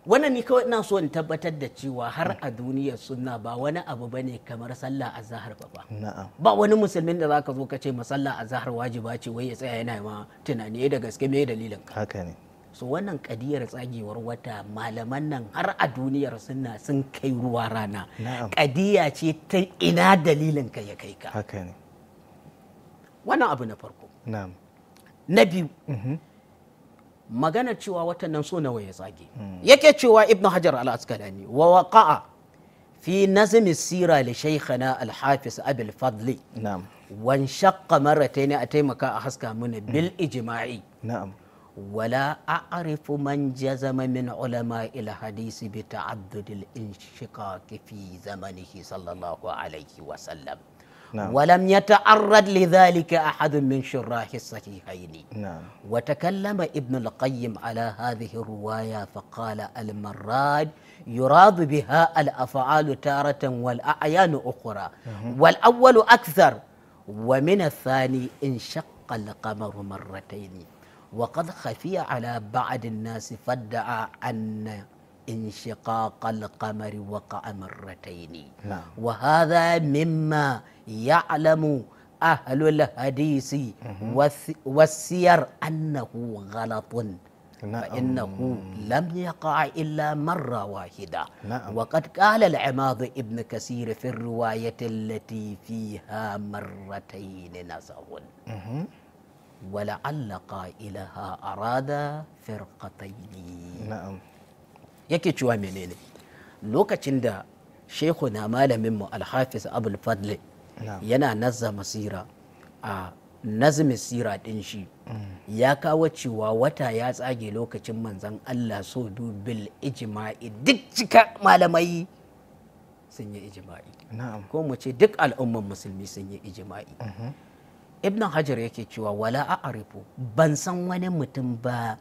wannan ni kawai ina so in tabbatar da cewa har a duniyar sunna ba wani abu bane kamar sallah azhar ba ba ba wani musulmin da zaka zo ka ce masallah azhar wajiba ce wai ya tsaya yana ma tunani eh, da gaske me dalilin ka haka ne so wannan kadiyar tsagewar wata malaman nan har a duniyar sunna sun kai ruwa rana kadiya ce ta ina dalilin ka ya kai ka haka ne wannan abu na farko na'am na biyu mm-hmm. magana cewa watannan so nawa ya tsage yake cewa ibn hajar al asqalani wa waqa'a fi nazm sira li shaykhana al hafiz abul fadli na'am wan shaqqa marratayn a taimaka a haska mana bil ijma'i na'am ولا أعرف من جزم من علماء الحديث بتعدد الانشقاق في زمنه صلى الله عليه وسلم نعم. ولم يتعرض لذلك أحد من شراح الصحيحين نعم. وتكلم ابن القيم على هذه الرواية فقال المراد يراد بها الأفعال تارة والأعيان أخرى والأول أكثر ومن الثاني انشق القمر مرتين وقد خفي على بعض الناس فادعى أن انشقاق القمر وقع مرتين نعم. وهذا مما يعلم أهل الحديث والسير أنه غلط نعم. فإنه لم يقع إلا مرة واحدة نعم. وقد قال العماض ابن كثير في الرواية التي فيها مرتين نزه ولعل قائلها أراد فرقتين نعم yake cewa menene lokacin da shehu na malamin mu alhafiz abul fadli yana nazama sira a nazmi sira din shi mm. ya kawo cewa wata ya tsage lokacin manzan Allah so bil ijma'i duk cika malamai sun yi ijma'i ko mu ce duk al'umman musulmi sun yi ijma'i mm-hmm. ibn hajar yake cewa wala a arifu ban san wani mutum ba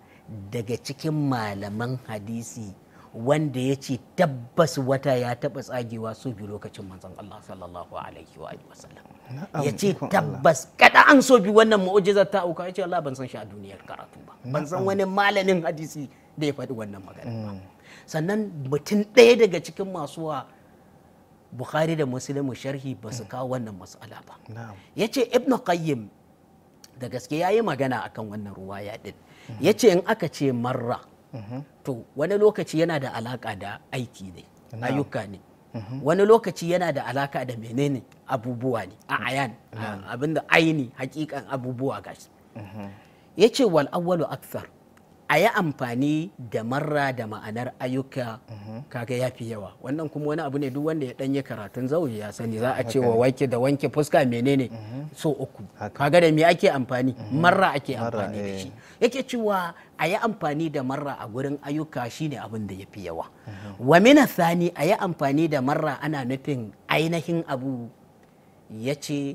daga cikin malaman hadisi wanda ya ce tabbas wata ya taɓa tsagewa so bi lokacin manzon Allah sallallahu alaihi wa sallam ya ce tabbas kada an so bi wannan mu'ujizar ta auka ya ce Allah ban san shi a duniyar karatu ba ban san wani malamin hadisi da ya faɗi wannan magana ba mm. sannan mutum ɗaya daga cikin masu wa Bukhari da Muslim sharhi ba su mm. kawo wannan mas'ala ba ya ce Ibn Qayyim da gaske ya yi magana akan wannan ruwaya din mm. ya ce in aka ce marra to wani lokaci yana da alaka da aiki ne ayyuka ne mhm. wani lokaci yana da alaka da menene abubuwa ne a ayan abinda aini hakikan abubuwa gashi mhm. ya ce wal awwalu akthar a yi amfani da marra da ma'anar ayyuka mhm. kaga ya fi yawa wannan kuma wani abu ne duk wanda ya ɗanye karatun zauji ya sani za a ce wa wanke da wanke fuska menene mhm. so uku kaga da me ake amfani mhm. marra ake amfani da eh. shi yake cewa a yi amfani da marra a gurin ayyuka shine abin da ya fi yawa wa mina sani a yi amfani da marra ana nufin ainihin abu ya ce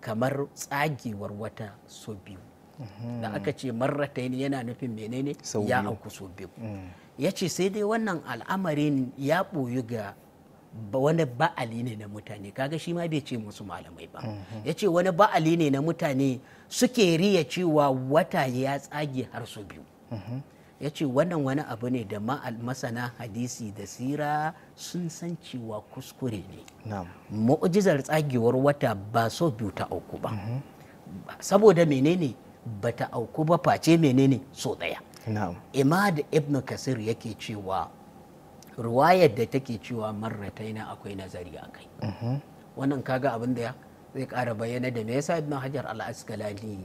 kamar tsagewar wata so biyu da aka ce marratain yana nufin menene ya auku so biyu mm. ya ce sai dai wannan al'amarin ya ɓoyi ga wani ba'ali ne na mutane kaga shi ma bai ce musu malamai ba mm-hmm. ya ce wani ba'ali ne na mutane suke riya cewa wata ya tsage har su biyu mm-hmm. ya ce wannan wani abu ne da masana hadisi da sira sun san cewa kuskure ne mu'jizar tsagewar wata ba so biyu ta uku ba mm-hmm. saboda menene bata auku ba face menene so ɗaya da ibn kasir yake cewa ruwayar da take cewa marataina akwai nazari a kai mhm. wannan kaga abin da zai ƙara bayyana da me yasa ibn hajar al-asqalani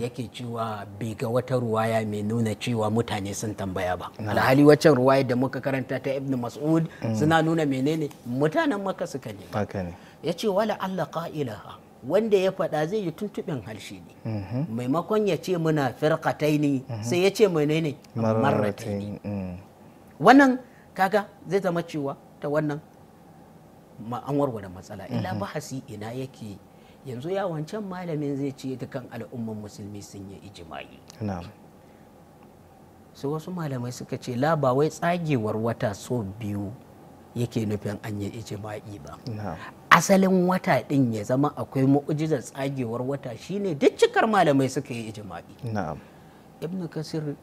yake cewa bai ga wata ruwaya mai nuna cewa mutane sun tambaya ba alhali waccan ruwayar da muka karanta ta ibn mas'ud mm. suna nuna menene mutanen maka suka ne ya ce wala allah qa'ilaha wanda ya faɗa zai yi tuntuɓin harshe ne mhm. maimakon ya ce muna firkatai ne mhm. sai ya ce menene marratai ne mm. wannan kaga zai zama cewa ta wannan an warware matsala ila mhm. bahasi ina yake yanzu ya wancan malamin zai ce dukan al'umman musulmi sun yi ijimai su wasu malamai suka ce labawai tsagewar wata so biyu yake nufin an yi ijima'i ba asalin wata din ya zama akwai mu'ujizar tsagewar wata shine duk cikar malamai suka yi ijima'i. Ibn kasir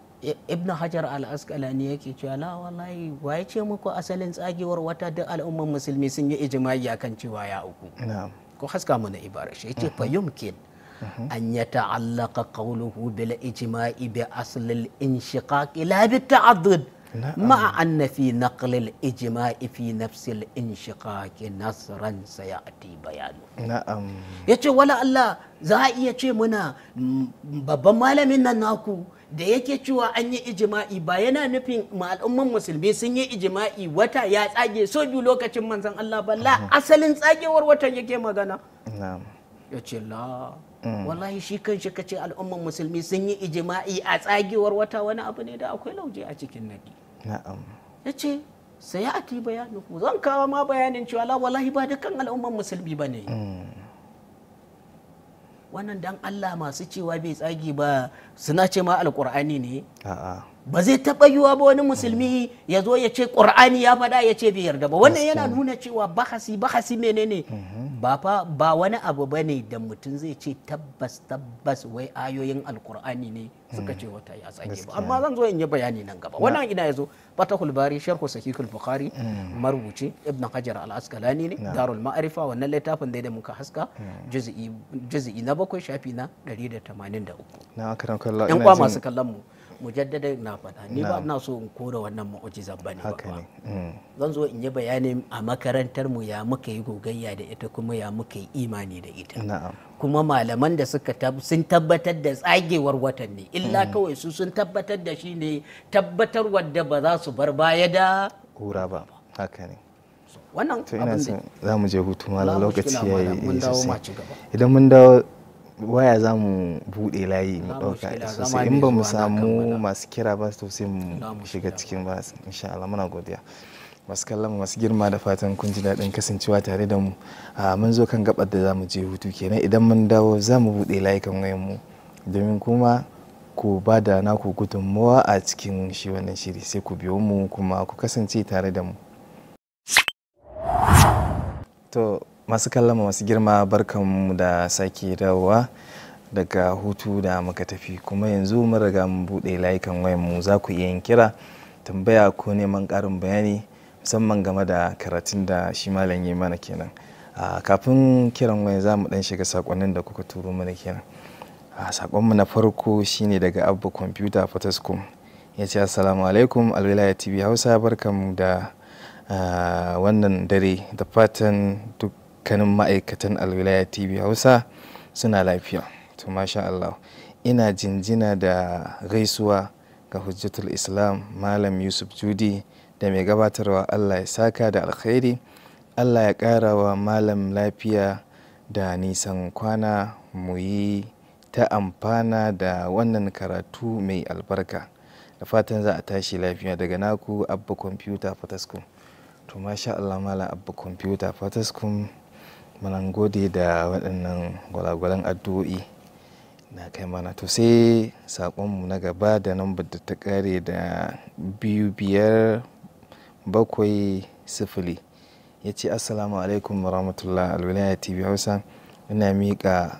ibnu hajar al-asqalani yake cewa la wallahi ya ce muku asalin tsagewar wata duk al'umman musulmi sun yi ijima'i akan cewa ya uku na'am ko haska mana ibara shi yace fa yumkin an yata'allaqa qawluhu bil ijma'i bi asl al-inshiqaq bi ta'addud مع أن في نقل الإجماع في نفس الانشقاق نصرا سيأتي بيانه نعم يتشي ولا الله زائي يتشي منا بابا مالا منا ناكو da yake cewa an yi ijima'i ba yana nufin al'umman musulmi sun yi ijima'i wata ya tsage so biyu lokacin manzon Allah ba la asalin tsagewar watan yake magana ya ce la wallahi shi kan shi kace al'umman musulmi sun yi ijima'i a tsagewar wata wani abu ne da akwai lauje a cikin nadi na'am ya ati bayaninku zan kawo ma bayanin cewa la wallahi ba dukkan al'umman musulmi bane mm. wannan dan Allah masu cewa bai tsagi ba suna ce ma alqur'ani ne a'a ba zai taɓa yiwa ba wani musulmi ya zo ya ce ƙur'ani ya faɗa ya ce bai yarda ba wannan yana nuna cewa bahasi bahasi menene mhm. ba fa ba wani abu ba ne da mutum zai ce tabbas tabbas wai ayoyin alƙur'ani ne suka mhm. ce wata ya tsage ba amma zan zo in yi bayani nan gaba wannan ina ya zo fatahul bari sharhu sahihul bukhari mhm. marubuci ibn hajar al asqalani ne darul ma'arifa wannan littafin da muka haska juz'i juz'i na bakwai shafi na 183 na akran kallah in kwa masu kallon mu mujaddada na faɗa ni ba ina so in kora wannan mu'ujizan bane ba mm. zan zo in yi bayani a makarantar mu ya muka yi gogayya da ita kuma ya muka yi imani da ita kuma malaman da suka sun tabbatar da tsagewar watan ne illa mm. kawai su sun tabbatar da shi ne tabbatar wadda ba za su bar baya da kura ba haka ne wannan abin da za mu je hutu malam lokaci yayi idan mun dawo waya za mu buɗe layi mu ɗauka sosai in ba mu samu masu kira ba to sai mu shiga cikin ba insha Allah muna godiya masu kallon masu girma da fatan kun ji daɗin kasancewa tare da mu mun zo kan gabar da za mu je hutu kenan idan mun dawo za mu buɗe kan wayan mu domin kuma ku ba da naku gudunmawa a cikin shi wannan shiri sai ku biyo mu kuma ku kasance tare da mu masu kallama masu girma barkanmu da sake dawowa daga hutu da muka tafi kuma yanzu mun riga mun buɗe layukan wayanmu za ku iya yin kira tambaya ko neman ƙarin bayani musamman game da karatun da shi malam ya mana kenan kafin kiran waya za mu ɗan shiga sakonnin da kuka turo mana kenan saƙonmu na farko shine daga abba kwamfuta fataskum ya ce assalamu alaikum alwilaya tv hausa barkanmu da wannan dare da fatan duk dukkanin ma'aikatan alwilaya tv hausa suna lafiya to masha allah ina jinjina da gaisuwa ga hujjatul islam malam yusuf judi da mai gabatarwa allah ya saka da alkhairi allah ya ƙara wa malam lafiya da nisan kwana mu yi ta amfana da wannan karatu mai albarka da fatan za a tashi lafiya daga naku abba kwamfuta fataskun to masha allah malam abba kwamfuta fataskun Mana gode da waɗannan gwalagwalan addu'o'i na kai mana to sai saƙonmu na gaba da nan da ta ƙare da biyu biyar bakwai sifili ya ce assalamu alaikum warahmatullah alwilaya tv hausa ina miƙa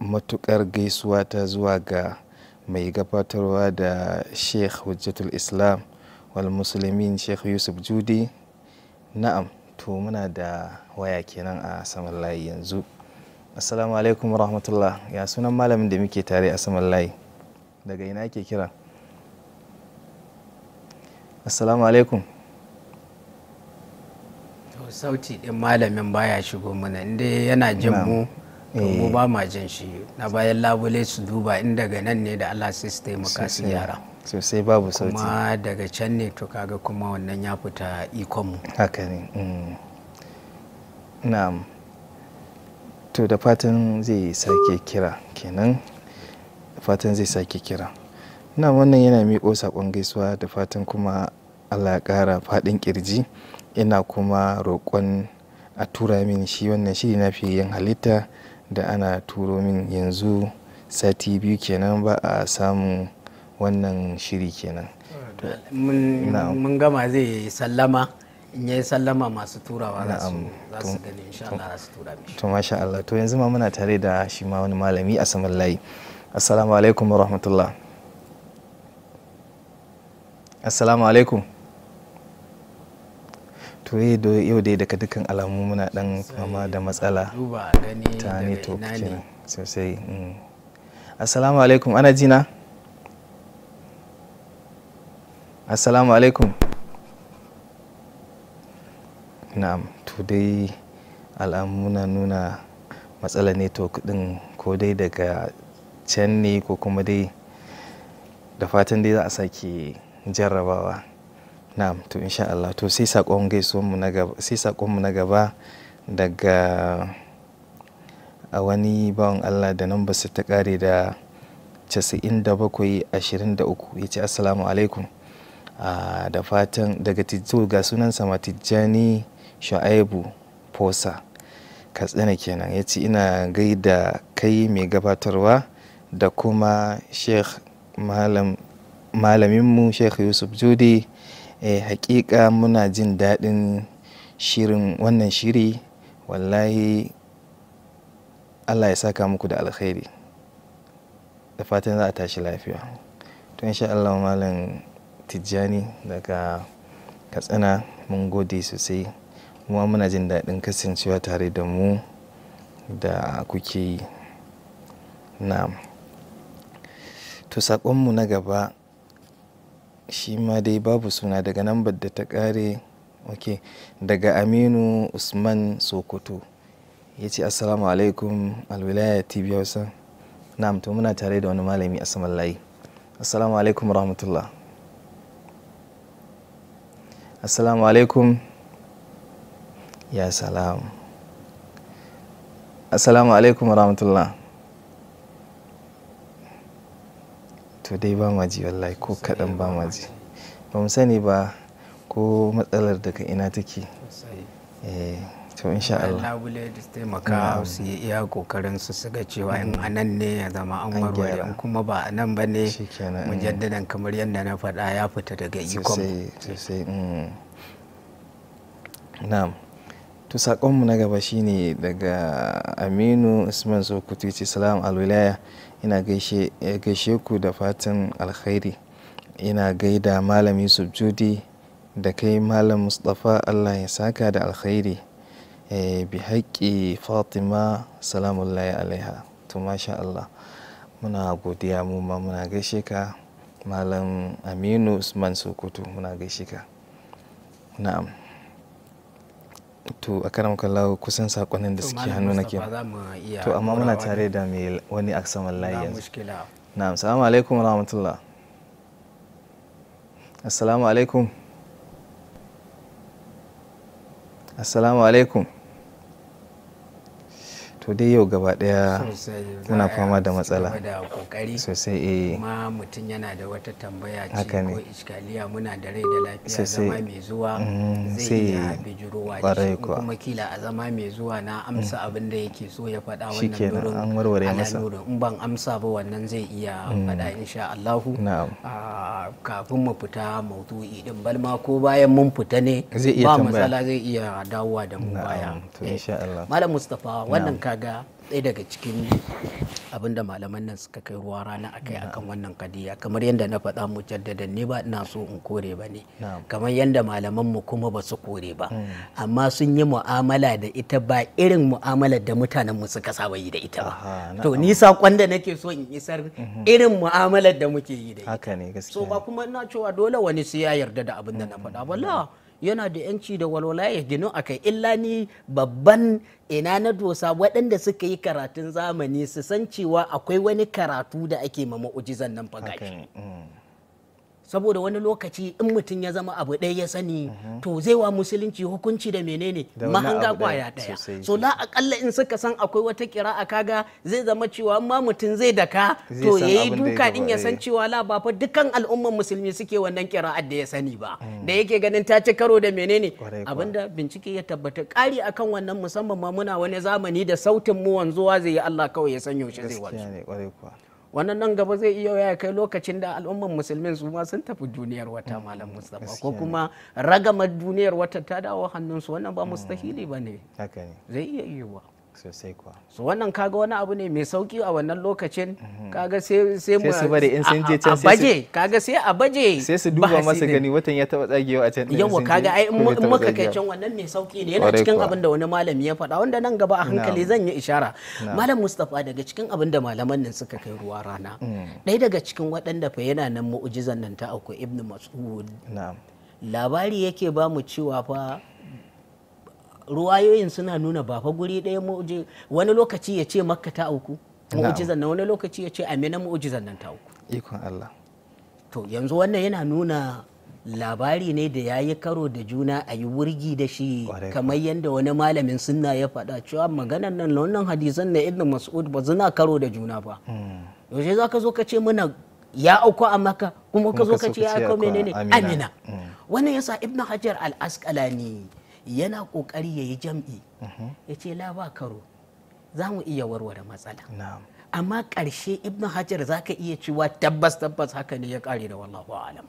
matuƙar gaisuwa ta zuwa ga mai gabatarwa da sheikh hujjatul islam wal musulmin sheikh yusuf judi na'am to muna da waya kenan a saman layi yanzu assalamu alaikum rahmatullah ya sunan malamin da muke tare a saman layi daga ina ke kira assalamu alaikum sauti din malamin baya shigo mana inda yana jin mu mu eh. ba ma jin shi na bayan labule su duba in daga nan ne da allah sai su taimaka su yara sosai babu sauti kuma daga can ne to kaga kuma wannan ya fita ikon mu haka ne mm. na'am to da fatan zai sake kira kenan da fatan zai sake kira na wannan yana miƙo saƙon gaisuwa da fatan kuma allah ya ƙara faɗin ƙirji ina kuma roƙon a tura min shi wannan shiri na fiyan yin halitta da ana turo min yanzu sati biyu kenan ba a samun wannan shiri kenan mun gama zai sallama in yayi sallama masu turawa za su gani insha Allah za su tura mishi to masha Allah to yanzu ma muna tare da shi ma wani malami a saman layi assalamu alaikum wa rahmatullah assalamu alaikum to eh, yau dai daga dukkan alamu muna dan fama da matsala ta ne to kenan sosai mm. assalamu alaikum ana jina assalamu alaikum na'am to dai al'amuna nuna matsala ne to kudin ko dai daga can ne ko kuma dai da fatan dai za a sake jarrabawa na'am to insha Allah to sai sakon mu na gaba sai sakon mu na gaba daga a wani bawan Allah da nan su ta kare da 97 23 ce assalamu alaikum ah, da fatan daga tijjo ga sunansa ma tijjani shu'aibu fosa katsina kenan ya ce ina gaida kai mai gabatarwa da kuma sheikh malaminmu sheikh yusuf jude e, eh, hakika muna jin daɗin shirin wannan shiri wallahi allah ya saka muku da alkhairi da fatan za a tashi lafiya tun insha allah malam tijjani daga katsina mun gode sosai kuma muna jin daɗin kasancewa tare da mu da kuke yi na to saƙonmu na gaba shi ma dai babu suna daga nan da ta ƙare ok daga aminu usman sokoto ya ce assalamu alaikum alwilaya tv hausa na to muna tare da wani malami a saman layi assalamu alaikum rahmatullah assalamu alaikum ya salam assalamu alaikum rahmatullah to dai ba ma ji wallahi ko kaɗan ba ma ji ba mu sani ba ko matsalar daga ina take eh, to insha Allah bule da taimaka su yi iya kokarin su su ga cewa in mm. anan ne ya zama an warware in kuma ba anan ba ne mm. mujaddadan kamar yadda na faɗa ya fita daga ikon mm. na'am to sakonmu na gaba shine daga aminu usman sokoto ce salam alwilaya ina gaishe ku da fatan alkhairi ina gaida malam yusuf judi da kai malam mustapha allah ya saka da alkhairi eh, bi haƙƙi fatima salamullahi alaiha to masha allah muna godiya mu ma muna gaishe ka malam aminu usman sokoto muna gaishe ka na'am to a kan lau kusan sakonnin da suke hannu na ke to amma muna tare da mai wani a saman layi yanzu na'am alaikum rahmatullah assalamu alaikum assalamu alaikum to dai yau gaba daya muna fama da matsala sosai eh kuma mutum yana da wata tambaya ce ko iskaliya muna da rai da lafiya zama mai zuwa mm, zai iya bijirowa kwarai kuma kila a zama mai zuwa na amsa mm. abin da yake so ya faɗa wannan durin an warware masa in ban amsa ba wannan zai iya mm. faɗa insha na'am ah, kafin mu fita maudu'i din balma ko bayan mun fita ne ba matsala zai iya dawowa da mu baya eh. malam Mustapha wannan ka ga ɗaya daga cikin abin da malaman nan suka kai ruwa rana a kai akan wannan kadiya kamar yadda na faɗa mu jaddada ne ba ina so in kore ba ne kamar yadda malaman mu kuma ba su kore ba hmm. amma sun yi mu'amala da ita ba irin mu'amalar da mutanen mu suka saba yi da ita ba to ni sakon da nake so in isar hmm. irin mu'amalar da muke yi da ita so ba kuma ina cewa dole wani sai ya yarda da abin da na faɗa ba yana da yanci da walwala ya ginu a kai illa ni babban ina na dosa waɗanda suka yi karatun zamani su san cewa akwai wani karatu da ake ma ma'ujizan nan fa saboda wani lokaci in mutum ya zama abu ɗaya ya sani mhm. to zai wa musulunci hukunci da menene mahanga kwaya ɗaya so na akalla in suka san akwai wata kira a kaga zai zama cewa ma mutum zai daka to ya yi duka din ya san eh. cewa la ba fa dukkan al'umman musulmi suke wannan kira'ar da ya sani ba mm. da yake ganin ta ci karo da menene abinda bincike ya tabbata ƙari akan wannan musamman ma muna wani zamani da sautin mu wanzuwa zai yi Allah kawai ya sanyo shi zai wanzu wannan nan gaba zai iya ya kai lokacin da al'umman musulmin su ma sun tafi duniyar wata mm, malam mustapha ko kuma ragamar duniyar wata ta dawo hannunsu wannan ba mm. mustahili ba ne zai iya yiwuwa sosai kuwa so wannan kaga wani abu ne mai sauki a wannan lokacin mm-hmm. kaga sai sai mu a baje kaga sai a baje sai su duba masa gani watan ya taba tsagewa a can yawa kaga ai in muka kai can wannan mai sauki ne yana cikin abin da wani malami ya faɗa wanda nan gaba a hankali zan yi ishara malam Mustapha daga cikin abin da malaman nan suka kai ruwa rana mm. ɗaya daga cikin waɗanda fa yana nan mu'jizan nan ta akwai Ibn Mas'ud labari yake ba mu cewa fa ruwayoyin suna nuna ba fa guri ɗaya mu'uji wani lokaci ya ce makka ta auku mu'ujizan nan wani lokaci ya ce amina mu'ujizan nan ta auku ikon Allah to yanzu wannan yana nuna labari ne da ya yi karo da juna a yi wurgi da shi kamar yadda wani malamin sunna ya faɗa cewa maganan nan wannan hadisan na ibn mas'ud ba suna karo da juna ba hmm. yaushe za ka zo ka ce mana ya auku a maka kuma ka zo ka ce ya auku menene amina hmm. wannan yasa ibn hajar al-asqalani yana kokari yayi yi jam'i ya la ba karo zamu iya warware matsala na'am amma karshe ibn hajar zaka iya cewa tabbas tabbas haka ne ya kare da wallahu alam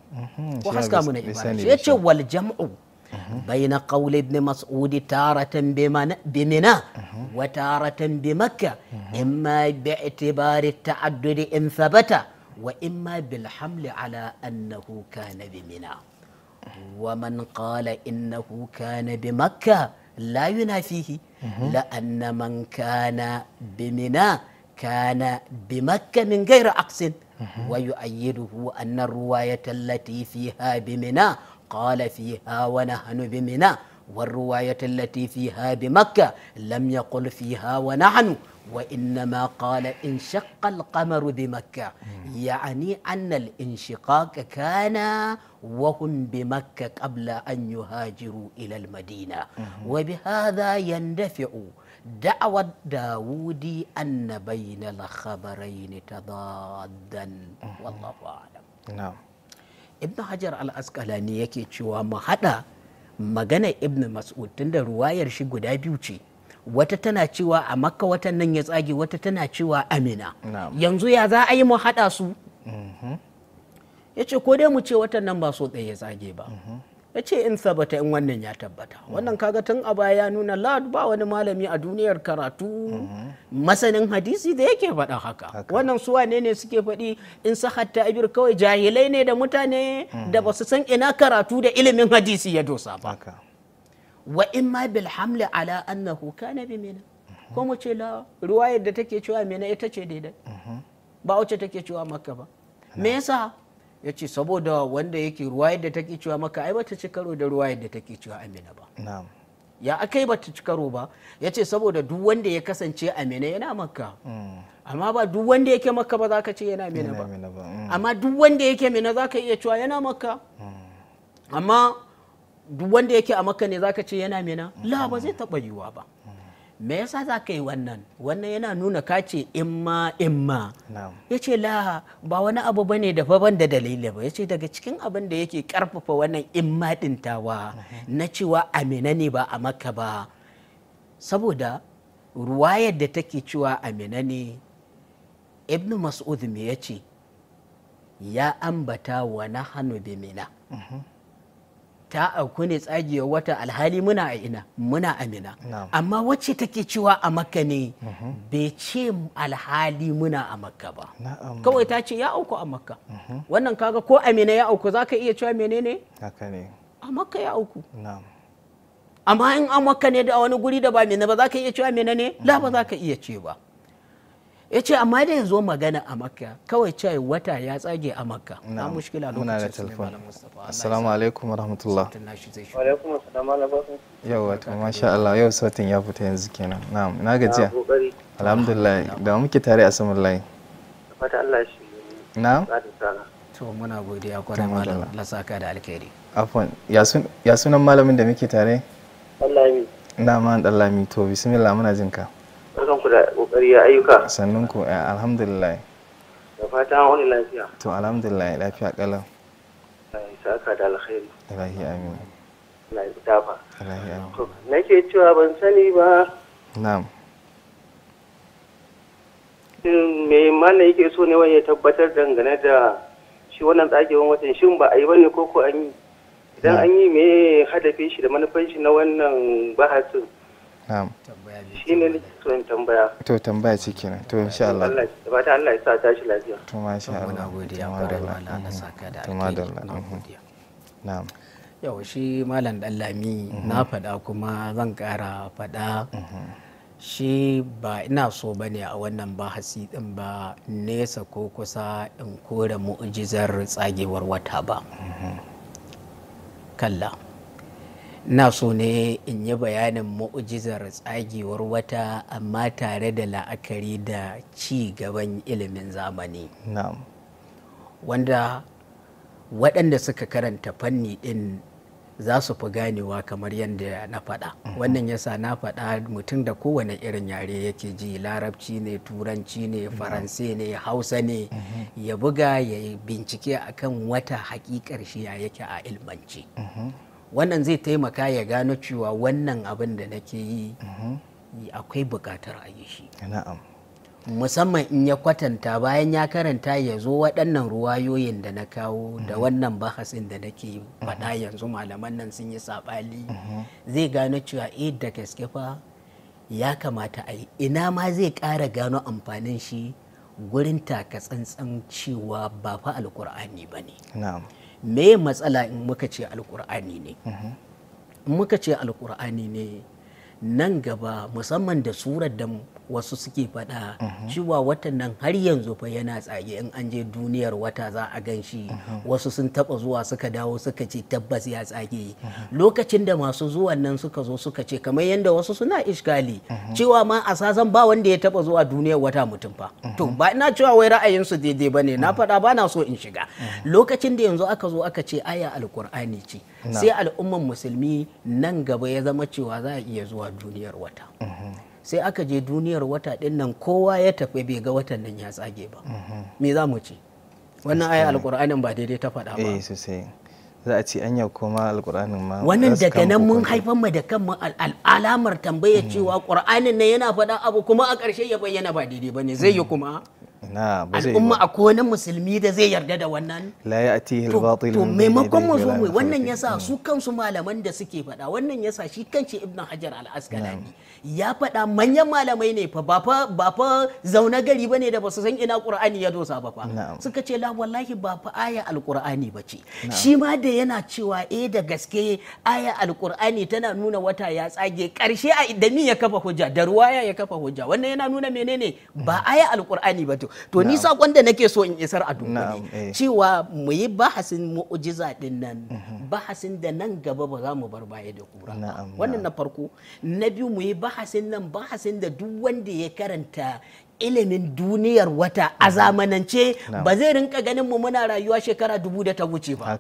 ko haska mu na ibada yace wal jam'u بين قول ابن مسعود تارة بمنى وتارة بمكة إما باعتبار التعدد إن ثبت وإما بالحمل على أنه كان بمنى ومن قال إنه كان بمكة لا ينافيه لأن من كان بمنى كان بمكة من غير عكس ويؤيده أن الرواية التي فيها بمنى قال فيها ونحن بمنى والرواية التي فيها بمكة لم يقل فيها ونحن وإنما قال انشق القمر بمكة يعني أن الانشقاق كان وهم بمكة قبل أن يهاجروا إلى المدينة وبهذا يندفع دعوة داود أن بين الخبرين تضادا والله أعلم نعم ابن حجر الأسقلاني yake cewa mu hada magana ibn mas'ud tunda ruwayar wata tana cewa a makka watan nan ya tsage wata tana cewa amina yanzu ya za a yi mu haɗa su mm-hmm. ya ce ko dai mu ce watan nan ba so ɗaya ya tsage ba mm-hmm. ya ce in sabata in wannan ya tabbata mm-hmm. wannan kaga tun a baya ya nuna lad ba wani malami a duniyar karatu masanin hadisi da yake faɗa haka wannan su wane ne suke faɗi in sahatta abir kawai jahilai ne da mutane da ba su san ina karatu da ilimin hadisi ya dosa ba wa in ma bil hamli ala annahu kana bi mina mhm. ko mu ce la ruwayar da take cewa mina ita ce daidai mhm. ba wacce take cewa makka ba me yasa ya ce saboda wanda yake ruwayar da take cewa maka ai bata ci karo da ruwayar da take cewa amina ba ya akai bata ci karo ba ya ce saboda duk wanda ya kasance amina yana maka mm. amma ba duk wanda yake maka ba za ka ce yana amina ba mm. amma duk wanda yake mina za ka iya cewa yana maka mm. amma duk wanda yake a makka ne zaka ce yana mina la ba zai taba yiwuwa ba me yasa za ka yi wannan wannan yana nuna ka ce imma imma ya ce la ba wani abu ba ne daban da dalili ba ya ce daga cikin abin da yake karfafa wannan imma dintawa na cewa amina ne ba a maka ba saboda ruwayar da take cewa amina ne ibn mas'ud me ya ce ya ambata wa na hannu bi mina mhm. ta auku ne tsagiyar wata alhali muna a ina muna amina amma wacce take cewa a makka ne mhm. bai ce alhali muna a makka ba kawai ta ce ya auku a makka mhm. wannan kaga ko amina ya auku za ka iya cewa menene a makka ya auku amma in an makka ne da wani guri da ba mina ba za ka iya cewa menene ne la ba za ka iya ce ba ya ce amma da yanzu magana a makka kawai ce wata ya tsage a makka na mushkila lokacin su malam mustafa assalamu alaikum warahmatullah wa alaikum yau yawa masha Allah yau sautin ya fita yanzu kenan na'am na gajiya alhamdulillah da muke tare a saman layi fata Allah shi na'am to muna godiya kwarai malam Allah saka da alkhairi afwan ya sunan malamin da muke tare Allah mi na ma Allah mi to bismillah muna jinka ku da kokari ya ayyuka sannan ku eh, alhamdulillah da fatan wani lafiya to alhamdulillah lafiya kalan saka da alkhairi ilahi amin na yi ilahi amin nake cewa ban sani ba na'am me mana yake so ne wani ya tabbatar dangane da shi wannan tsagewan watan shin ba a yi bane ko ko an yi idan an yi me hadafin shi da manufan shi na wannan bahasin na'am shi ne so in tambaya to tambaya ce kenan to insha Allah Allah ya Allah ya sa tashi lafiya to masha Allah muna godiya malam Allah mm-hmm. saka da alheri mm-hmm. na'am shi malam dallami mm-hmm. na faɗa kuma zan ƙara faɗa shi ba ina so ba ne a wannan bahasi din ba nesa ko kusa in kore mu'ujizar tsagewar wata ba kalla na so ne in yi bayanin mu'ujizar tsagewar wata amma tare da la'akari da ci gaban ilimin zamani wanda waɗanda suka karanta fanni ɗin za su fi ganewa kamar yadda na faɗa mhm. wannan yasa na faɗa mutum da kowane irin yare yake ji larabci ne turanci ne faranse ne hausa ne mhm. ya buga ya bincike akan wata hakikar shiya yake a ilmanci. Mhm. wannan zai taimaka ya gano cewa wannan abin da nake yi mhm. akwai buƙatar a yi shi musamman in ya kwatanta bayan ya karanta ya zo waɗannan ruwayoyin da na kawo da mhm. wannan bahasin da nake mhm. faɗa yanzu malaman nan sun yi saɓali zai gano cewa eh da gaske fa ya kamata a yi ina ma zai ƙara gano amfanin shi gurin taka tsantsan cewa ba fa alkur'ani ba ne me matsala in muka ce alkur'ani ne mhm. in muka ce alkur'ani ne nan gaba musamman da surar da wasu suke faɗa cewa watan nan har yanzu fa yana tsage in an je duniyar wata za a gan shi wasu sun taɓa zuwa suka dawo suka ce tabbas ya tsage lokacin da masu zuwan nan suka zo suka ce kamar yadda wasu suna iskali cewa ma a sasan ba wanda ya taɓa zuwa duniyar wata mutum fa to ba ina cewa wai ra'ayin su daidai ba ne na faɗa ba na so in shiga lokacin da yanzu aka zo aka ce aya alkur'ani ce sai al'umman musulmi nan gaba ya zama cewa za a iya zuwa duniyar wata sai aka je duniyar wata dinnan nan kowa ya tafi bai ga watan nan ya tsage ba mhm. me za mu ce wannan aya alkur'anin ba daidai ta faɗa ba eh, za a ce anya kuma alkur'anin ma wannan daga nan mun haifar mu da kanmu al'alamar tambaya mhm. cewa qur'anin nan yana faɗa abu kuma a ƙarshe ya bayyana ba daidai bane zai yi mhm. kuma al'umma a wani musulmi da zai yarda da wannan la ya atihi al-batil to maimakon mu zo mu wannan yasa su mm. kansu malaman da suke faɗa wannan yasa shi kanci ibnu hajar al-asqalani ya faɗa manyan malamai ne fa ba fa ba fa zauna gari bane da basu san ina qur'ani ya dosa ba fa suka ce la wallahi ba fa aya alqur'ani bace shi ma da yana cewa eh da gaske aya alqur'ani tana nuna wata ya tsage karshe a idami ya kafa hujja da ruwaya ya kafa hujja wannan yana nuna menene ba aya alqur'ani ba to to ni sakon da nake so in isar a duniya eh. cewa mu yi bahasin mu'jiza din nan mhm. bahasin da nan gaba ba za mu bar baya da kura wannan na farko na biyu mu yi bahasin bahasin nan bahasin da duk wanda ya karanta ilimin duniyar wata a mhm. zamanance ba zai rinka ganin mu muna rayuwa shekara dubu da ta wuce ba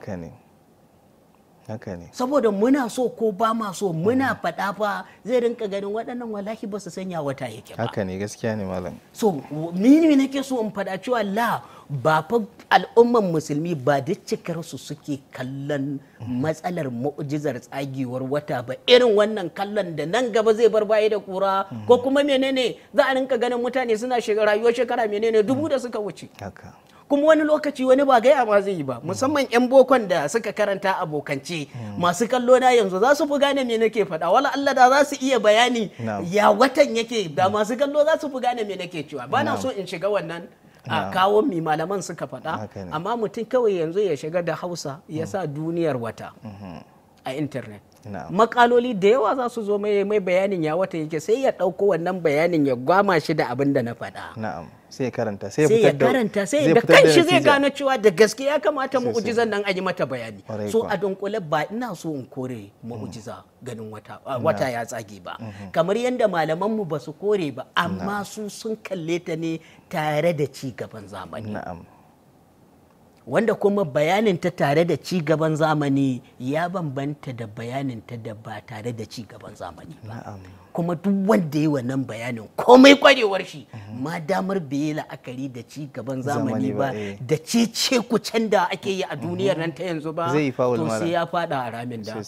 saboda muna so ko ba ma so muna faɗa fa zai rinka ganin waɗannan wallahi ba su sanya wata yake ba haka ne gaskiya ne malam so ni ne nake so in faɗa cewa la ba fa al'umman musulmi ba duk cikar su suke kallon matsalar mu'jizar tsagewar wata ba irin wannan kallon da nan gaba zai bar baya da kura ko kuma menene za a rinka ganin mutane suna rayuwar shekara menene dubu da suka wuce haka kuma wani lokaci wani ba gaya ma zai yi ba musamman yan bokon da suka karanta abokance hmm. masu kallo na yanzu za su fi gane me nake faɗa wala Allah da za su iya bayani ya watan yake da masu kallo za su fi gane me nake cewa ba na so in shiga wannan a kawon mi malaman suka faɗa amma mutum kawai yanzu ya shiga da hausa ya hmm. sa duniyar wata hmm. a intanet makaloli da yawa za su zo mai mai bayanin ya wata yake sai ya ɗauko wannan bayanin ya gwama shi da abin da na faɗa na'am sai karanta sai ya karanta sai da kanshi zai gane cewa da gaske ya kamata mu'ujiza nan a yi mata bayani so a dunkule ba ina so in kore mu'ujiza ganin wata ya tsage ba mm-hmm. kamar yadda malaman mu ba su kore ba amma su sun kalle ta ne tare da ci gaban zamani wanda kuma bayanin ta tare da ci gaban zamani ya bambanta da bayanin ta da ba tare da ci gaban zamani ba kuma duk wanda yi wannan bayanin komai kwarewar shi ma damar bai la'akari da ci gaban zamani ba eh. da ce ce ku da ake yi a duniyar mhm. nan ta yanzu ba to sai ya fada a ramin da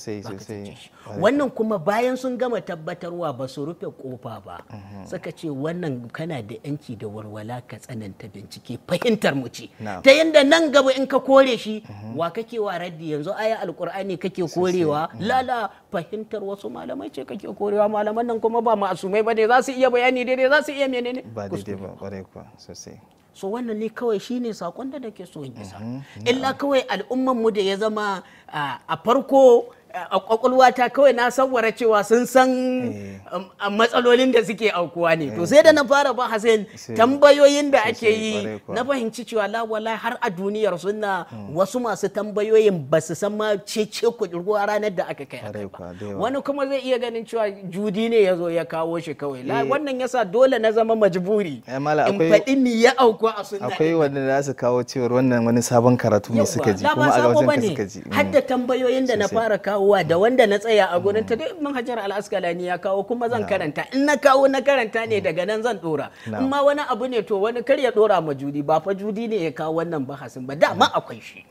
wannan kuma bayan sun gama tabbatarwa ba su rufe kofa ba mhm. suka ce wannan kana da yanki da walwala ka tsananta bincike fahimtar mu ce ta yanda nan gaba in ka kore shi mhm. wa kake wa raddi yanzu aya alkur'ani kake korewa lala fahimtar wasu malamai ce kake korewa malaman nan kuma ba ma'asumai ba ne za su iya bayani daidai za su iya menene ba daidai ba kwarai kuwa sosai so wannan ne kawai shine sakon da nake so in isa mm-hmm. illa kawai al'umman mu da ya zama a farko a kwakwalwata kawai na sawwara cewa sun san eh. um, um, matsalolin da suke aukuwa ne to eh. sai da na fara ba hasin tambayoyin da ake yi na fahimci cewa lawala har a duniyar suna hmm. wasu masu tambayoyin ba su san ma cece kuɗi ranar da aka kai ba wani kuma zai iya ganin cewa judi ne ya zo ya kawo shi kawai eh. wannan yasa dole na zama majburi in faɗi ni ya auku a sunna akwai wanda za su kawo cewar wannan wani sabon karatu ne suka ji kuma a wajen ka suka ji hadda hmm. tambayoyin da na fara kawo kawowa da mm. wanda na tsaya a gurin ta mm. duk ibn hajjar al'askalani ya kawo kuma zan karanta in na kawo na karanta ne mm. daga nan zan dora in ma wani abu ne to wani kar ya dora ma judi ba fa judi ne ya kawo wannan bahasin ba dama akwai shi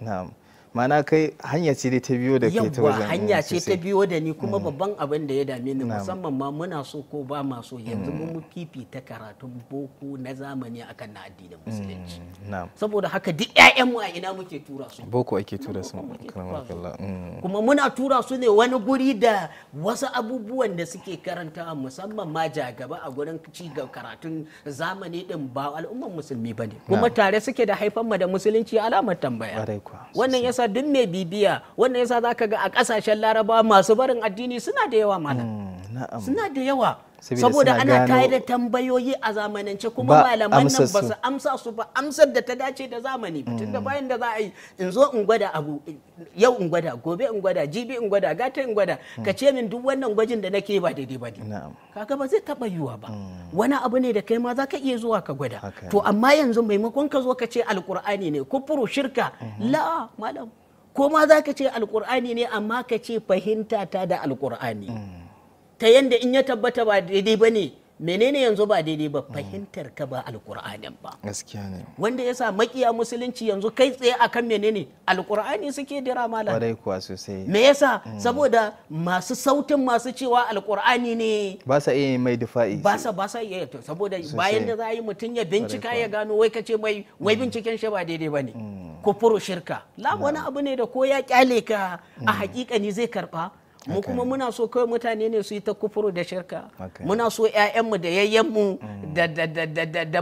mana kai hanya ce ta biyo da ke ta wajen hanya eh, ce ta biyo da ni kuma mm. babban abin da ya dame ni musamman ma muna so ko ba ma so yanzu mm. mun fifita karatun boko na zamani akan na addinin musulunci mm, saboda haka duk ƴaƴan mu a ina muke tura su boko ake tura su kuma muna tura su ne wani guri da wasu abubuwan da suke karanta musamman ma jagaba a gurin ci ga karatun zamani din ba al'umman musulmi bane kuma tare suke da haifan mu da musulunci alamar tambaya wannan yasa duk mai bibiya wannan yasa zaka ga a kasashen laraba masu barin addini suna da yawa malam mm, suna da yawa saboda ana tayar da tambayoyi a zamanance kuma malaman nan ba su amsa su ba amsar da ta dace da zamani tun da mm. bayan da za a yi in zo in gwada abu yau in gwada gobe in gwada jibi in gwada gata in gwada mm. ka ce min duk wannan gwajin da nake ba daidai ba ne kaga ba zai taba yiwa ba mm. wani abu ne da kai ma za ka iya zuwa ka gwada to amma yanzu maimakon ka zo ka ce alkur'ani ne kufuru shirka mm-hmm. la malam ko ma za ka ce alkur'ani ne amma ka ce fahimta ta da alkur'ani ta yadda in ya tabbata ba daidai ba ne menene yanzu ba daidai ba fahimtar ka ba alkur'anin ba gaskiya ne wanda yasa makiya musulunci yanzu kai tsaye akan menene alkur'ani suke dira mala kwarai kuwa sosai yasa mm. saboda masu sautin masu cewa alkur'ani ne ba sa iya mai difa'i ba sa ba sa iya to saboda bayan da za a yi mutum ya bincika ya gano wai kace mai wai mm. binciken shi ba daidai ba bane mm. kufuru shirka la wani abu ne da ko ya kyale ka a hakikani zai karba mu kuma muna so kawai mutane ne su yi ta kufuru da shirka muna so mu da yayyenmu mm. da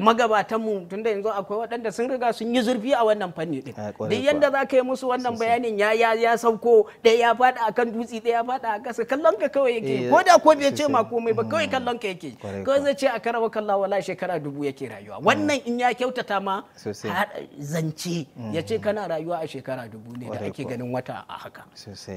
mu tunda yanzu akwai waɗanda sun riga sun yi zurfi a wannan fanni din duk yanda za ka yi musu wannan bayanin ya ya ya sauko ɗaya ya faɗa akan dutse ɗaya ya faɗa a ƙasa kallon ka kawai yake eh, ko da ko bai ce ma komai ba kawai mm. kallon ka yake kawai zai ce a karawa kalla wala shekara dubu yake rayuwa mm. wannan in ya kyautata ma zance ya ce kana rayuwa a shekara dubu ne da ake ganin wata a haka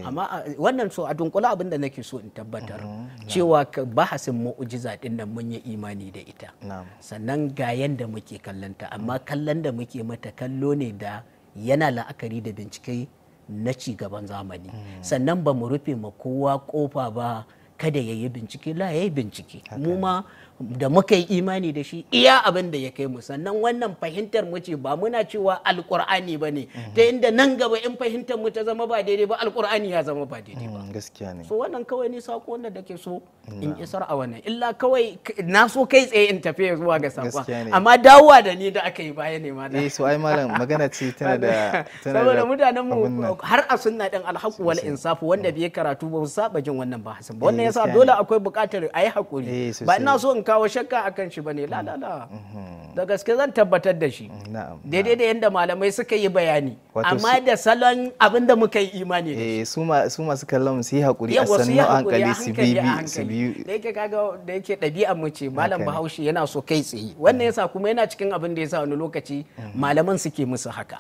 amma wannan so a kunkula abin da nake so in tabbatar mhm, cewa bahasin mu'ujiza din nan mun yi imani da ita sannan ga yanda muke kallonta amma kallon da muke mata kallo ne da yana la'akari da bincike na ci gaban zamani mhm. sannan ba mu rufe ma kowa kofa ba kada ya yi bincike la ya yi bincike mu ma da muka yi imani da shi iya abin da ya kai mu sannan wannan fahimtar mu ce ba muna cewa alkur'ani ba ne mhm. ta inda nan gaba in fahimtar mu ta zama ba daidai ba alkur'ani ya zama ba daidai ba mm, gaskiya ne so wannan kawai ne sako wanda da ke so in isar a wannan illa kawai na so kai tsaye in tafi zuwa ga sakon amma dawowa da ni da aka yi baya ne ma da eh so ai malam magana ce tana da saboda mutanen mu har a sunna din alhaqu wal insafu wanda bai karatu ba su saba jin wannan ba hasan ba wannan eh, yasa dole akwai buƙatar ayi hakuri eh, ba ina so in kawo shakka kan shi ba ne la mm-hmm. da gaske zan tabbatar da shi mm-hmm. daidai da yadda malamai suka yi bayani amma da salon abin da muka yi imani da shi eh, su masu kallon su yi hakuri a sannu hankali su bibi su biyu da yake kaga da yake ɗabi'a mu ce malam bahaushe yana so kai tsaye wannan yasa kuma yana cikin abin da yasa wani lokaci mm-hmm. malaman suke musu haka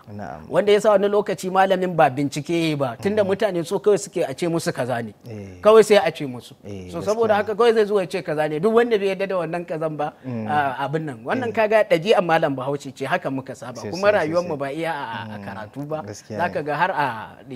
wanda yasa wani lokaci malamin ba bincike ba tunda mutane so kawai suke a ce musu kaza ne eh. kawai sai a ce musu eh, so saboda haka kawai zai zo ya ce kaza ne duk wanda bai yadda da wannan kazan ba mm. abin nan wannan mm. kaga a malam bahaushe ce haka muka saba kuma rayuwar mu ba iya a mm. karatu ba zaka ga har a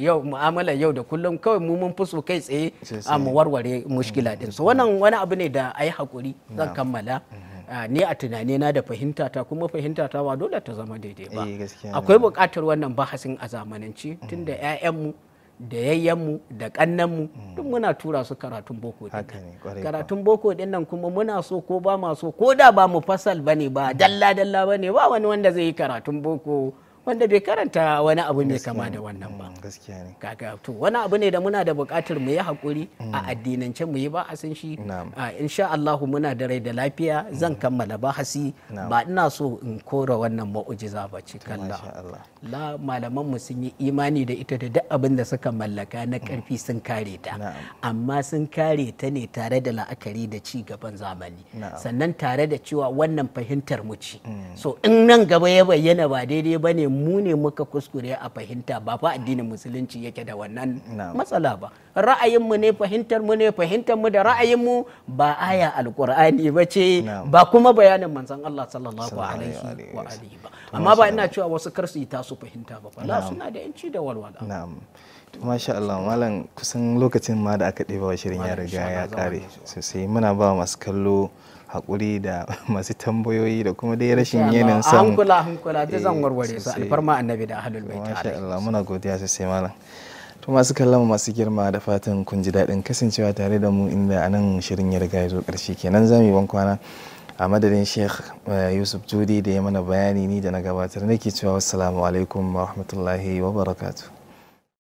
yau mu'amala yau da kullum kawai mu mun fi so kai tsaye a mu warware mushkila din so wannan wani abu ne da ayi hakuri zan kammala mm-hmm. ni a tunani na da fahimta ta kuma fahimta ta wa dole ta zama daidai ba eh, akwai bukatar wannan bahasin a zamanance tunda 'ya'yanmu mm-hmm. da yayyanmu da kannanmu duk muna tura su karatun boko din karatun boko din nan kuma muna so ko ba ma so ko da ba mu fasal bane ba dalla dalla bane ba wani wanda zai yi karatun boko wanda bai karanta wani abu mai kama da wannan ba mm, gaskiya ne kaga to wani abu ne da muna da bukatar mu yi hakuri a mm. addinance mu yi ba a san shi insha Allah muna da rai da lafiya mm. zan kammala ba hasi. ba ina so in kora wannan mu'jiza ba ci kalla la malaman mu sun yi imani da ita da duk abin da suka mallaka na karfi sun kare ta amma sun kare ta ne tare da la'akari da ci gaban zamani sannan tare da cewa wannan fahimtar mu ci. so in nan gaba ya bayyana ba daidai bane mu ne muka kuskure a fahimta ba fa addinin musulunci yake da wannan matsala ba ra'ayin mu ne fahimtar mu ne fahimtar mu da ra'ayin mu ba aya alkur'ani ba ce ba kuma bayanin manzon Allah sallallahu alaihi wa alihi ba amma ba ina cewa wasu kar su yi tasu fahimta ba fa suna da yanci da walwala na'am masha Allah malam kusan lokacin ma da aka ɗeba wa shirin ya riga ya kare sosai muna ba masu kallo haƙuri da masu tambayoyi da kuma dai rashin yanayin samu. hankula hankula da zan eh, warware su alfarma annabi da ahlul baiti. Masha Allah muna godiya sosai malam. To masu kallon masu girma da fatan kun ji daɗin kasancewa tare da mu inda a nan shirin ya riga ya zo ƙarshe kenan zamu mu yi wankwana a madadin Sheikh eh, Yusuf Judi da ya mana bayani ni da na gabatar nake cewa assalamu alaikum wa rahmatullahi wa barakatuh.